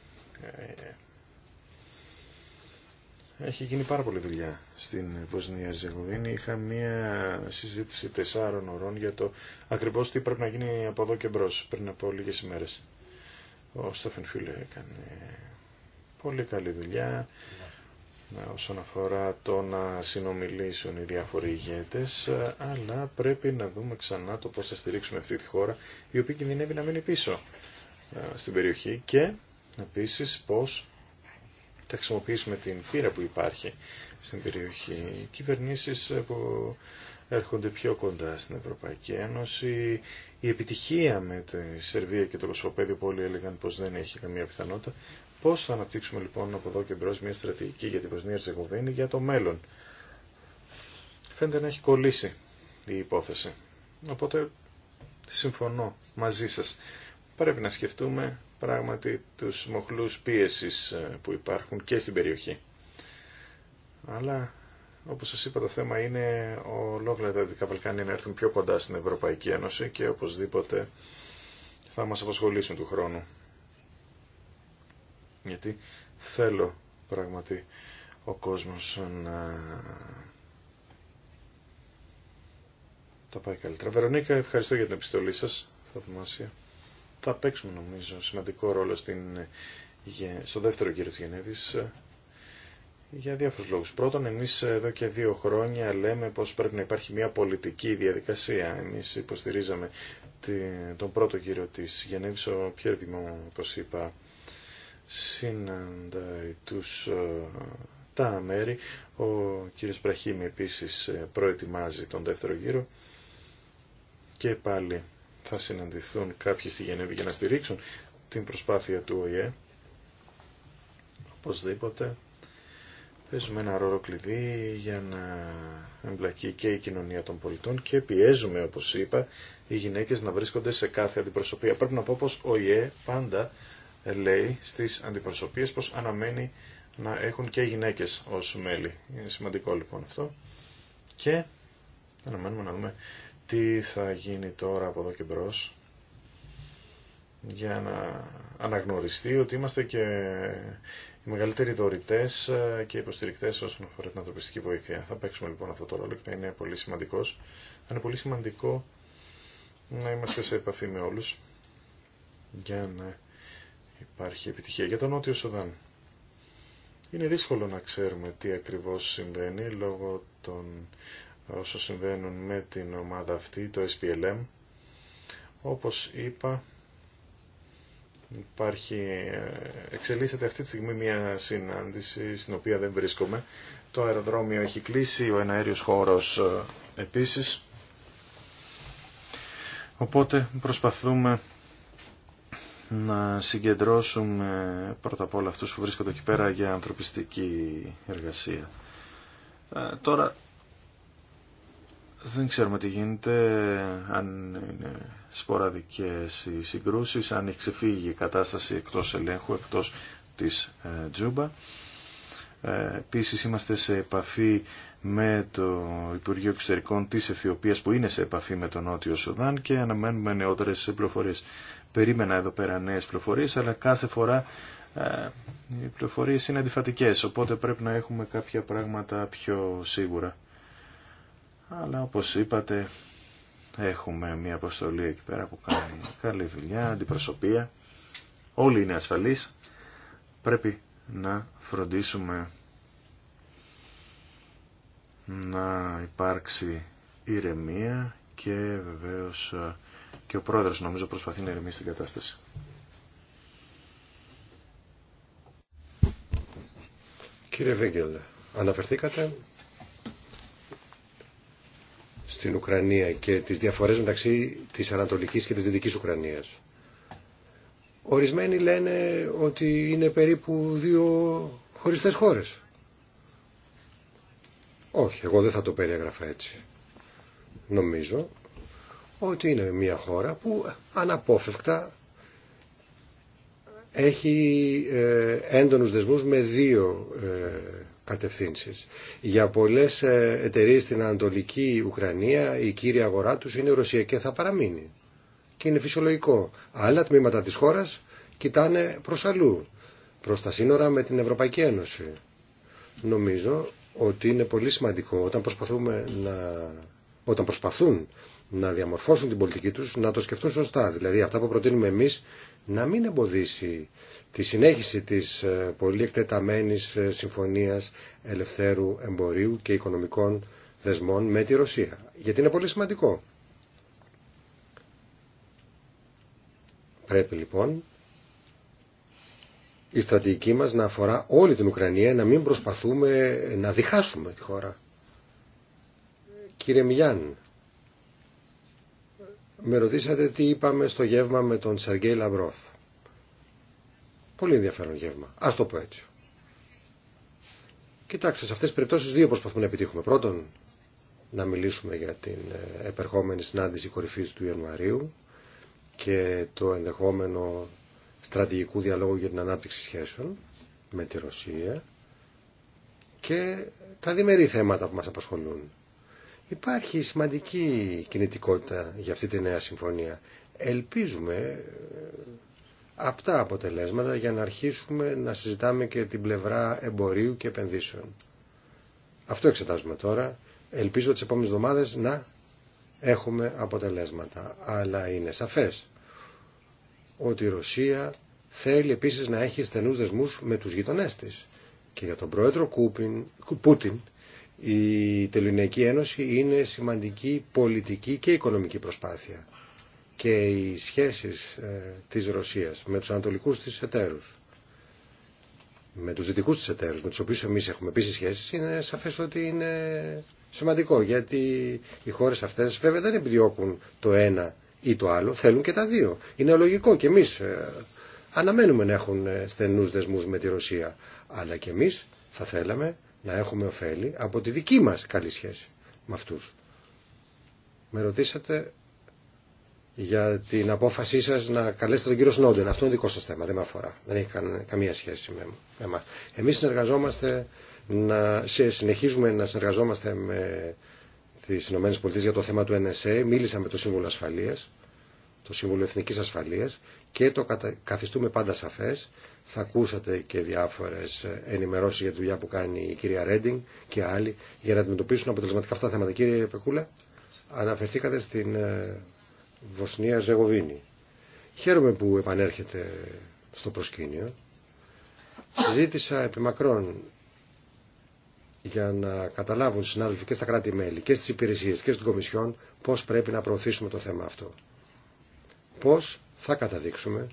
Έχει γίνει πάρα πολύ δουλειά στην Βοσνία Ζεγοβίνη. Είχα μία συζήτηση τεσσάρων ωρών για το ακριβώς τι πρέπει να γίνει από εδώ και μπρος πριν από λίγες ημέρες. Ο Στέφεν έκανε πολύ καλή δουλειά όσον αφορά το να συνομιλήσουν οι διάφοροι ηγέτες, αλλά πρέπει να δούμε ξανά το πώς θα στηρίξουμε αυτή τη χώρα, η οποία κινδυνεύει να μείνει πίσω ε, στην περιοχή και επίσης πώς θα χρησιμοποιήσουμε την πύρα που υπάρχει στην περιοχή. κυβερνήσεις που έρχονται πιο κοντά στην Ευρωπαϊκή Ένωση. Η επιτυχία με τη Σερβία και το Κοσμοπέδιο που όλοι έλεγαν πως δεν έχει καμία πιθανότητα. Πώς θα αναπτύξουμε λοιπόν από εδώ και μπρος μια στρατηγική για την Βοσνία Ζεγοβίνη για το μέλλον. Φαίνεται να έχει κολλήσει η υπόθεση. Οπότε συμφωνώ μαζί σας. Πρέπει να σκεφτούμε πράγματι τους μοχλούς πίεσης ε, που υπάρχουν και στην περιοχή. Αλλά όπως σας είπα το θέμα είναι ολόκληρα τα Δυτικά Βαλκάνια να έρθουν πιο κοντά στην Ευρωπαϊκή Ένωση και οπωσδήποτε θα μας απασχολήσουν του χρόνου. Γιατί θέλω πράγματι ο κόσμος να τα πάει καλύτερα. Βερονίκα, ευχαριστώ για την επιστολή σας. Θαυμάσια. Θα παίξουμε νομίζω σημαντικό ρόλο στην, στο δεύτερο κύριο της για διάφορους λόγους. Πρώτον, εμείς εδώ και δύο χρόνια λέμε πως πρέπει να υπάρχει μια πολιτική διαδικασία. Εμείς υποστηρίζαμε τον πρώτο γύρο της Γενέβης, ο Πιέρ Δημόν, όπως είπα, συναντάει τους ε, τα μέρη. Ο κύριος Μπραχήμη επίσης ε, προετοιμάζει τον δεύτερο γύρο και πάλι θα συναντηθούν κάποιοι στη Γενέβη για να στηρίξουν την προσπάθεια του ΟΗΕ. Οπωσδήποτε παίζουμε ένα ρόλο κλειδί για να εμπλακεί και η κοινωνία των πολιτών και πιέζουμε, όπως είπα, οι γυναίκες να βρίσκονται σε κάθε αντιπροσωπεία. Πρέπει να πω πως ο ΙΕ πάντα λέει στις αντιπροσωπείες πως αναμένει να έχουν και οι γυναίκες ως μέλη. Είναι σημαντικό λοιπόν αυτό. Και αναμένουμε να δούμε τι θα γίνει τώρα από εδώ και μπρος για να αναγνωριστεί ότι είμαστε και οι μεγαλύτεροι δωρητέ ε, και υποστηρικτέ όσον αφορά την ανθρωπιστική βοήθεια. Θα παίξουμε λοιπόν αυτό το ρόλο και θα είναι πολύ σημαντικό. είναι πολύ σημαντικό να είμαστε σε επαφή με όλου για να υπάρχει επιτυχία. Για τον Νότιο Σουδάν. Είναι δύσκολο να ξέρουμε τι ακριβώς συμβαίνει λόγω των όσων συμβαίνουν με την ομάδα αυτή, το SPLM. Όπως είπα, Υπάρχει, ε, εξελίσσεται αυτή τη στιγμή μια συνάντηση στην οποία δεν βρίσκομαι. Το αεροδρόμιο έχει κλείσει, ο εναέριος χώρος ε, επίσης. Οπότε προσπαθούμε να συγκεντρώσουμε πρώτα απ' όλα αυτούς που βρίσκονται εκεί πέρα για ανθρωπιστική εργασία. Ε, τώρα δεν ξέρουμε τι γίνεται, αν είναι σποραδικές οι συγκρούσεις, αν έχει ξεφύγει η κατάσταση εκτός ελέγχου, εκτός της ε, Τζούμπα. Ε, επίσης είμαστε σε επαφή με το Υπουργείο Εξωτερικών της Αιθιοπίας που είναι σε επαφή με τον Νότιο Σουδάν και αναμένουμε νεότερες πληροφορίες. Περίμενα εδώ πέρα νέες πληροφορίες, αλλά κάθε φορά ε, οι πληροφορίες είναι αντιφατικές, οπότε πρέπει να έχουμε κάποια πράγματα πιο σίγουρα. Αλλά όπως είπατε έχουμε μια αποστολή εκεί πέρα που κάνει καλή δουλειά, αντιπροσωπεία. Όλοι είναι ασφαλείς. Πρέπει να φροντίσουμε να υπάρξει ηρεμία και βεβαίως ε, και ο πρόεδρος νομίζω προσπαθεί να ηρεμήσει την κατάσταση. Κύριε Βίγκελ, αναφερθήκατε στην Ουκρανία και τις διαφορές μεταξύ της Ανατολικής και της Δυτικής Ουκρανίας. Ορισμένοι λένε ότι είναι περίπου δύο χωριστές χώρες. Όχι, εγώ δεν θα το περιέγραφα έτσι. Νομίζω ότι είναι μια χώρα που αναπόφευκτα έχει ε, έντονους δεσμούς με δύο ε, κατευθύνσεις. Για πολλές ε, εταιρείε στην Ανατολική Ουκρανία η κύρια αγορά τους είναι η Ρωσία και θα παραμείνει. Και είναι φυσιολογικό. Άλλα τμήματα της χώρας κοιτάνε προς αλλού, προς τα σύνορα με την Ευρωπαϊκή Ένωση. Νομίζω ότι είναι πολύ σημαντικό όταν, προσπαθούμε να... όταν προσπαθούν να διαμορφώσουν την πολιτική τους, να το σκεφτούν σωστά. Δηλαδή αυτά που προτείνουμε εμείς να μην εμποδίσει τη συνέχιση της ε, πολύ εκτεταμένης ε, συμφωνίας ελευθέρου εμπορίου και οικονομικών δεσμών με τη Ρωσία. Γιατί είναι πολύ σημαντικό. Πρέπει λοιπόν η στρατηγική μας να αφορά όλη την Ουκρανία, να μην προσπαθούμε να διχάσουμε τη χώρα. Κύριε Μιλιάν, με ρωτήσατε τι είπαμε στο γεύμα με τον Σαργέη Λαμπρόφ. Πολύ ενδιαφέρον γεύμα. Α το πω έτσι. Κοιτάξτε, σε αυτές τι περιπτώσει δύο προσπαθούμε να επιτύχουμε. Πρώτον, να μιλήσουμε για την ε, επερχόμενη συνάντηση κορυφής του Ιανουαρίου και το ενδεχόμενο στρατηγικού διαλόγου για την ανάπτυξη σχέσεων με τη Ρωσία και τα διμερεί θέματα που μας απασχολούν. Υπάρχει σημαντική κινητικότητα για αυτή τη νέα συμφωνία. Ελπίζουμε ε, Αυτά αποτελέσματα για να αρχίσουμε να συζητάμε και την πλευρά εμπορίου και επενδύσεων. Αυτό εξετάζουμε τώρα. Ελπίζω τις επόμενες εβδομάδες να έχουμε αποτελέσματα. Αλλά είναι σαφές ότι η Ρωσία θέλει επίσης να έχει στενούς δεσμούς με τους γειτονές της. Και για τον πρόεδρο Κούπιν, Πούτιν η Τελωνιακή Ένωση είναι σημαντική πολιτική και οικονομική προσπάθεια και οι σχέσεις ε, της Ρωσίας με τους ανατολικούς της εταίρους, με τους δυτικούς της εταίρους, με τους οποίους εμείς έχουμε επίση σχέσεις, είναι σαφές ότι είναι σημαντικό, γιατί οι χώρες αυτές βέβαια δεν επιδιώκουν το ένα ή το άλλο, θέλουν και τα δύο. Είναι λογικό και εμείς ε, αναμένουμε να έχουν ε, στενούς δεσμούς με τη Ρωσία, αλλά και εμείς θα θέλαμε να έχουμε ωφέλη από τη δική μας καλή σχέση με αυτούς. Με ρωτήσατε για την απόφασή σα να καλέσετε τον κύριο Σνόντεν. Αυτό είναι δικό σα θέμα, δεν με αφορά. Δεν έχει καμία σχέση με εμάς. Εμεί συνεργαζόμαστε, να, συνεχίζουμε να συνεργαζόμαστε με τις ΗΠΑ για το θέμα του NSA. Μίλησα με το Σύμβουλο Ασφαλεία, το Σύμβουλο Εθνικής Ασφαλείας και το καθιστούμε πάντα σαφέ. Θα ακούσατε και διάφορε ενημερώσει για τη δουλειά που κάνει η κυρία Ρέντινγκ και άλλοι για να αντιμετωπίσουν αποτελεσματικά αυτά τα θέματα. Κύριε Πεκούλα, αναφερθήκατε στην ε, Βοσνία Ζεγοβίνη. Χαίρομαι που επανέρχεται στο προσκήνιο. Συζήτησα επί μακρόν για να καταλάβουν οι συνάδελφοι και στα κράτη-μέλη και στις υπηρεσίες και στην Κομισιόν πώς πρέπει να προωθήσουμε το θέμα αυτό. Πώς θα καταδείξουμε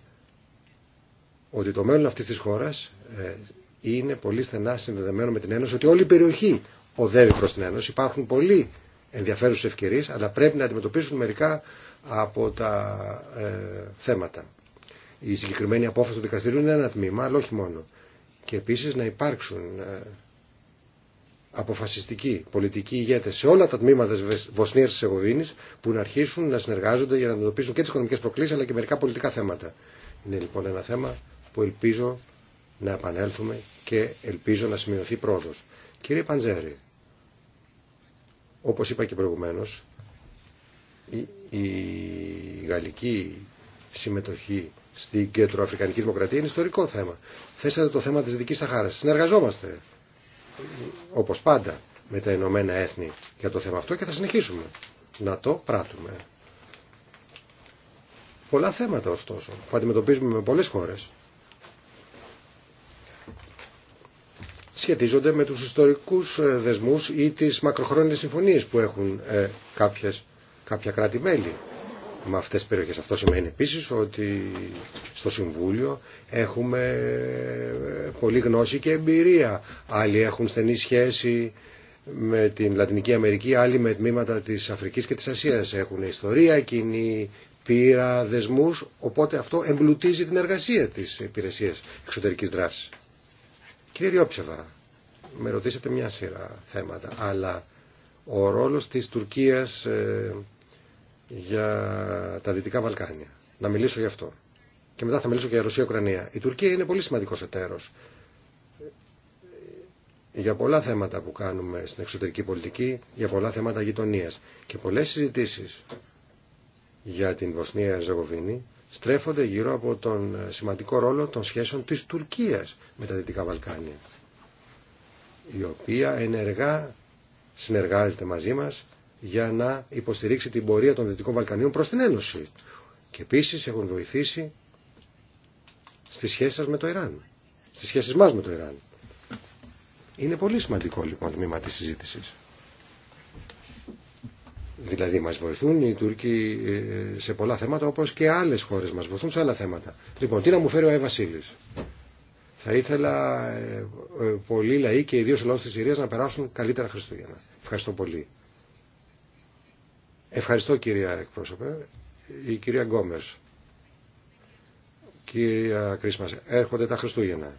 ότι το μέλλον αυτής της χώρας ε, είναι πολύ στενά συνδεδεμένο με την Ένωση, ότι όλη η περιοχή οδεύει προς την Ένωση. Υπάρχουν πολλοί ενδιαφέρουσες ευκαιρίες, αλλά πρέπει να αντιμετωπίσουν μερικά από τα ε, θέματα. Η συγκεκριμένη απόφαση του δικαστηρίου είναι ένα τμήμα, αλλά όχι μόνο. Και επίσης να υπάρξουν ε, αποφασιστικοί πολιτικοί ηγέτες σε όλα τα τμήματα της Βοσνίας της που να αρχίσουν να συνεργάζονται για να αντιμετωπίσουν και τις οικονομικές προκλήσεις αλλά και μερικά πολιτικά θέματα. Είναι λοιπόν ένα θέμα που ελπίζω να επανέλθουμε και ελπίζω να σημειωθεί πρόοδος. Κύριε Παντζέρη, όπως είπα και προηγουμένως, η γαλλική συμμετοχή στην κεντροαφρικανική δημοκρατία είναι ιστορικό θέμα. Θέσατε το θέμα της Δυτικής Σαχάρας. Συνεργαζόμαστε, όπως πάντα, με τα Ηνωμένα Έθνη για το θέμα αυτό και θα συνεχίσουμε να το πράττουμε. Πολλά θέματα, ωστόσο, που αντιμετωπίζουμε με πολλές χώρες, σχετίζονται με τους ιστορικούς ε, δεσμούς ή τις μακροχρόνιες συμφωνίες που έχουν ε, κάποιες κάποια κράτη-μέλη με αυτές τις περιοχές. Αυτό σημαίνει επίσης ότι στο Συμβούλιο έχουμε πολύ γνώση και εμπειρία. Άλλοι έχουν στενή σχέση με την Λατινική Αμερική, άλλοι με τμήματα της Αφρικής και της Ασίας. Έχουν ιστορία κοινή, πείρα, δεσμούς, οπότε αυτό εμπλουτίζει την εργασία της υπηρεσία εξωτερικής δράσης. Κύριε Διόψεβα, με ρωτήσατε μια σειρά θέματα, αλλά ο ρόλος της Τουρκίας ε, για τα Δυτικά Βαλκάνια. Να μιλήσω γι' αυτό. Και μετά θα μιλήσω και για Ρωσία-Ουκρανία. Η Τουρκία είναι πολύ σημαντικό εταίρο για πολλά θέματα που κάνουμε στην εξωτερική πολιτική, για πολλά θέματα γειτονία. Και πολλέ συζητήσει για την Βοσνία-Ερζεγοβίνη στρέφονται γύρω από τον σημαντικό ρόλο των σχέσεων της Τουρκίας με τα Δυτικά Βαλκάνια, η οποία ενεργά συνεργάζεται μαζί μας για να υποστηρίξει την πορεία των Δυτικών Βαλκανίων προς την Ένωση. Και επίση έχουν βοηθήσει στις σχέσεις μας με το Ιράν. Στις σχέσεις μας με το Ιράν. Είναι πολύ σημαντικό λοιπόν το τμήμα της συζήτησης. Δηλαδή μας βοηθούν οι Τούρκοι ε, σε πολλά θέματα όπως και άλλες χώρες μας βοηθούν σε άλλα θέματα. Λοιπόν, τι να μου φέρει ο Άι Βασίλης. Θα ήθελα ε, ε, πολλοί λαοί και ιδίω ο λαό τη Συρία να περάσουν καλύτερα Χριστούγεννα. Ευχαριστώ πολύ. Ευχαριστώ κυρία εκπρόσωπε. Η κυρία Γκόμες. Κυρία Κρίσμας, έρχονται τα Χριστούγεννα.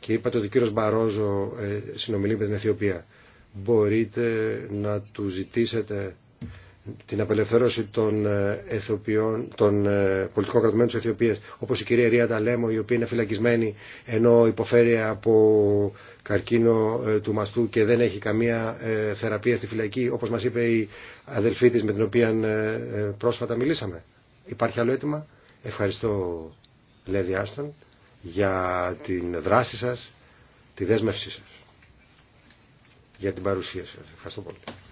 Και είπατε ότι ο κύριος Μπαρόζο ε, συνομιλεί με την Αιθιοπία. Μπορείτε να του ζητήσετε την απελευθέρωση των, ε, εθοποιών, των ε, πολιτικών κρατουμένων της Αιθιοπίας όπως η κυρία Ρία Λέμο η οποία είναι φυλακισμένη ενώ υποφέρει από καρκίνο ε, του μαστού και δεν έχει καμία θεραπεία στη φυλακή όπως μας είπε η αδελφή της με την οποία πρόσφατα μιλήσαμε. Υπάρχει άλλο αίτημα. Ευχαριστώ Λέδη Άστον για την δράση σας, τη δέσμευσή σας, για την παρουσία σας. Ευχαριστώ πολύ.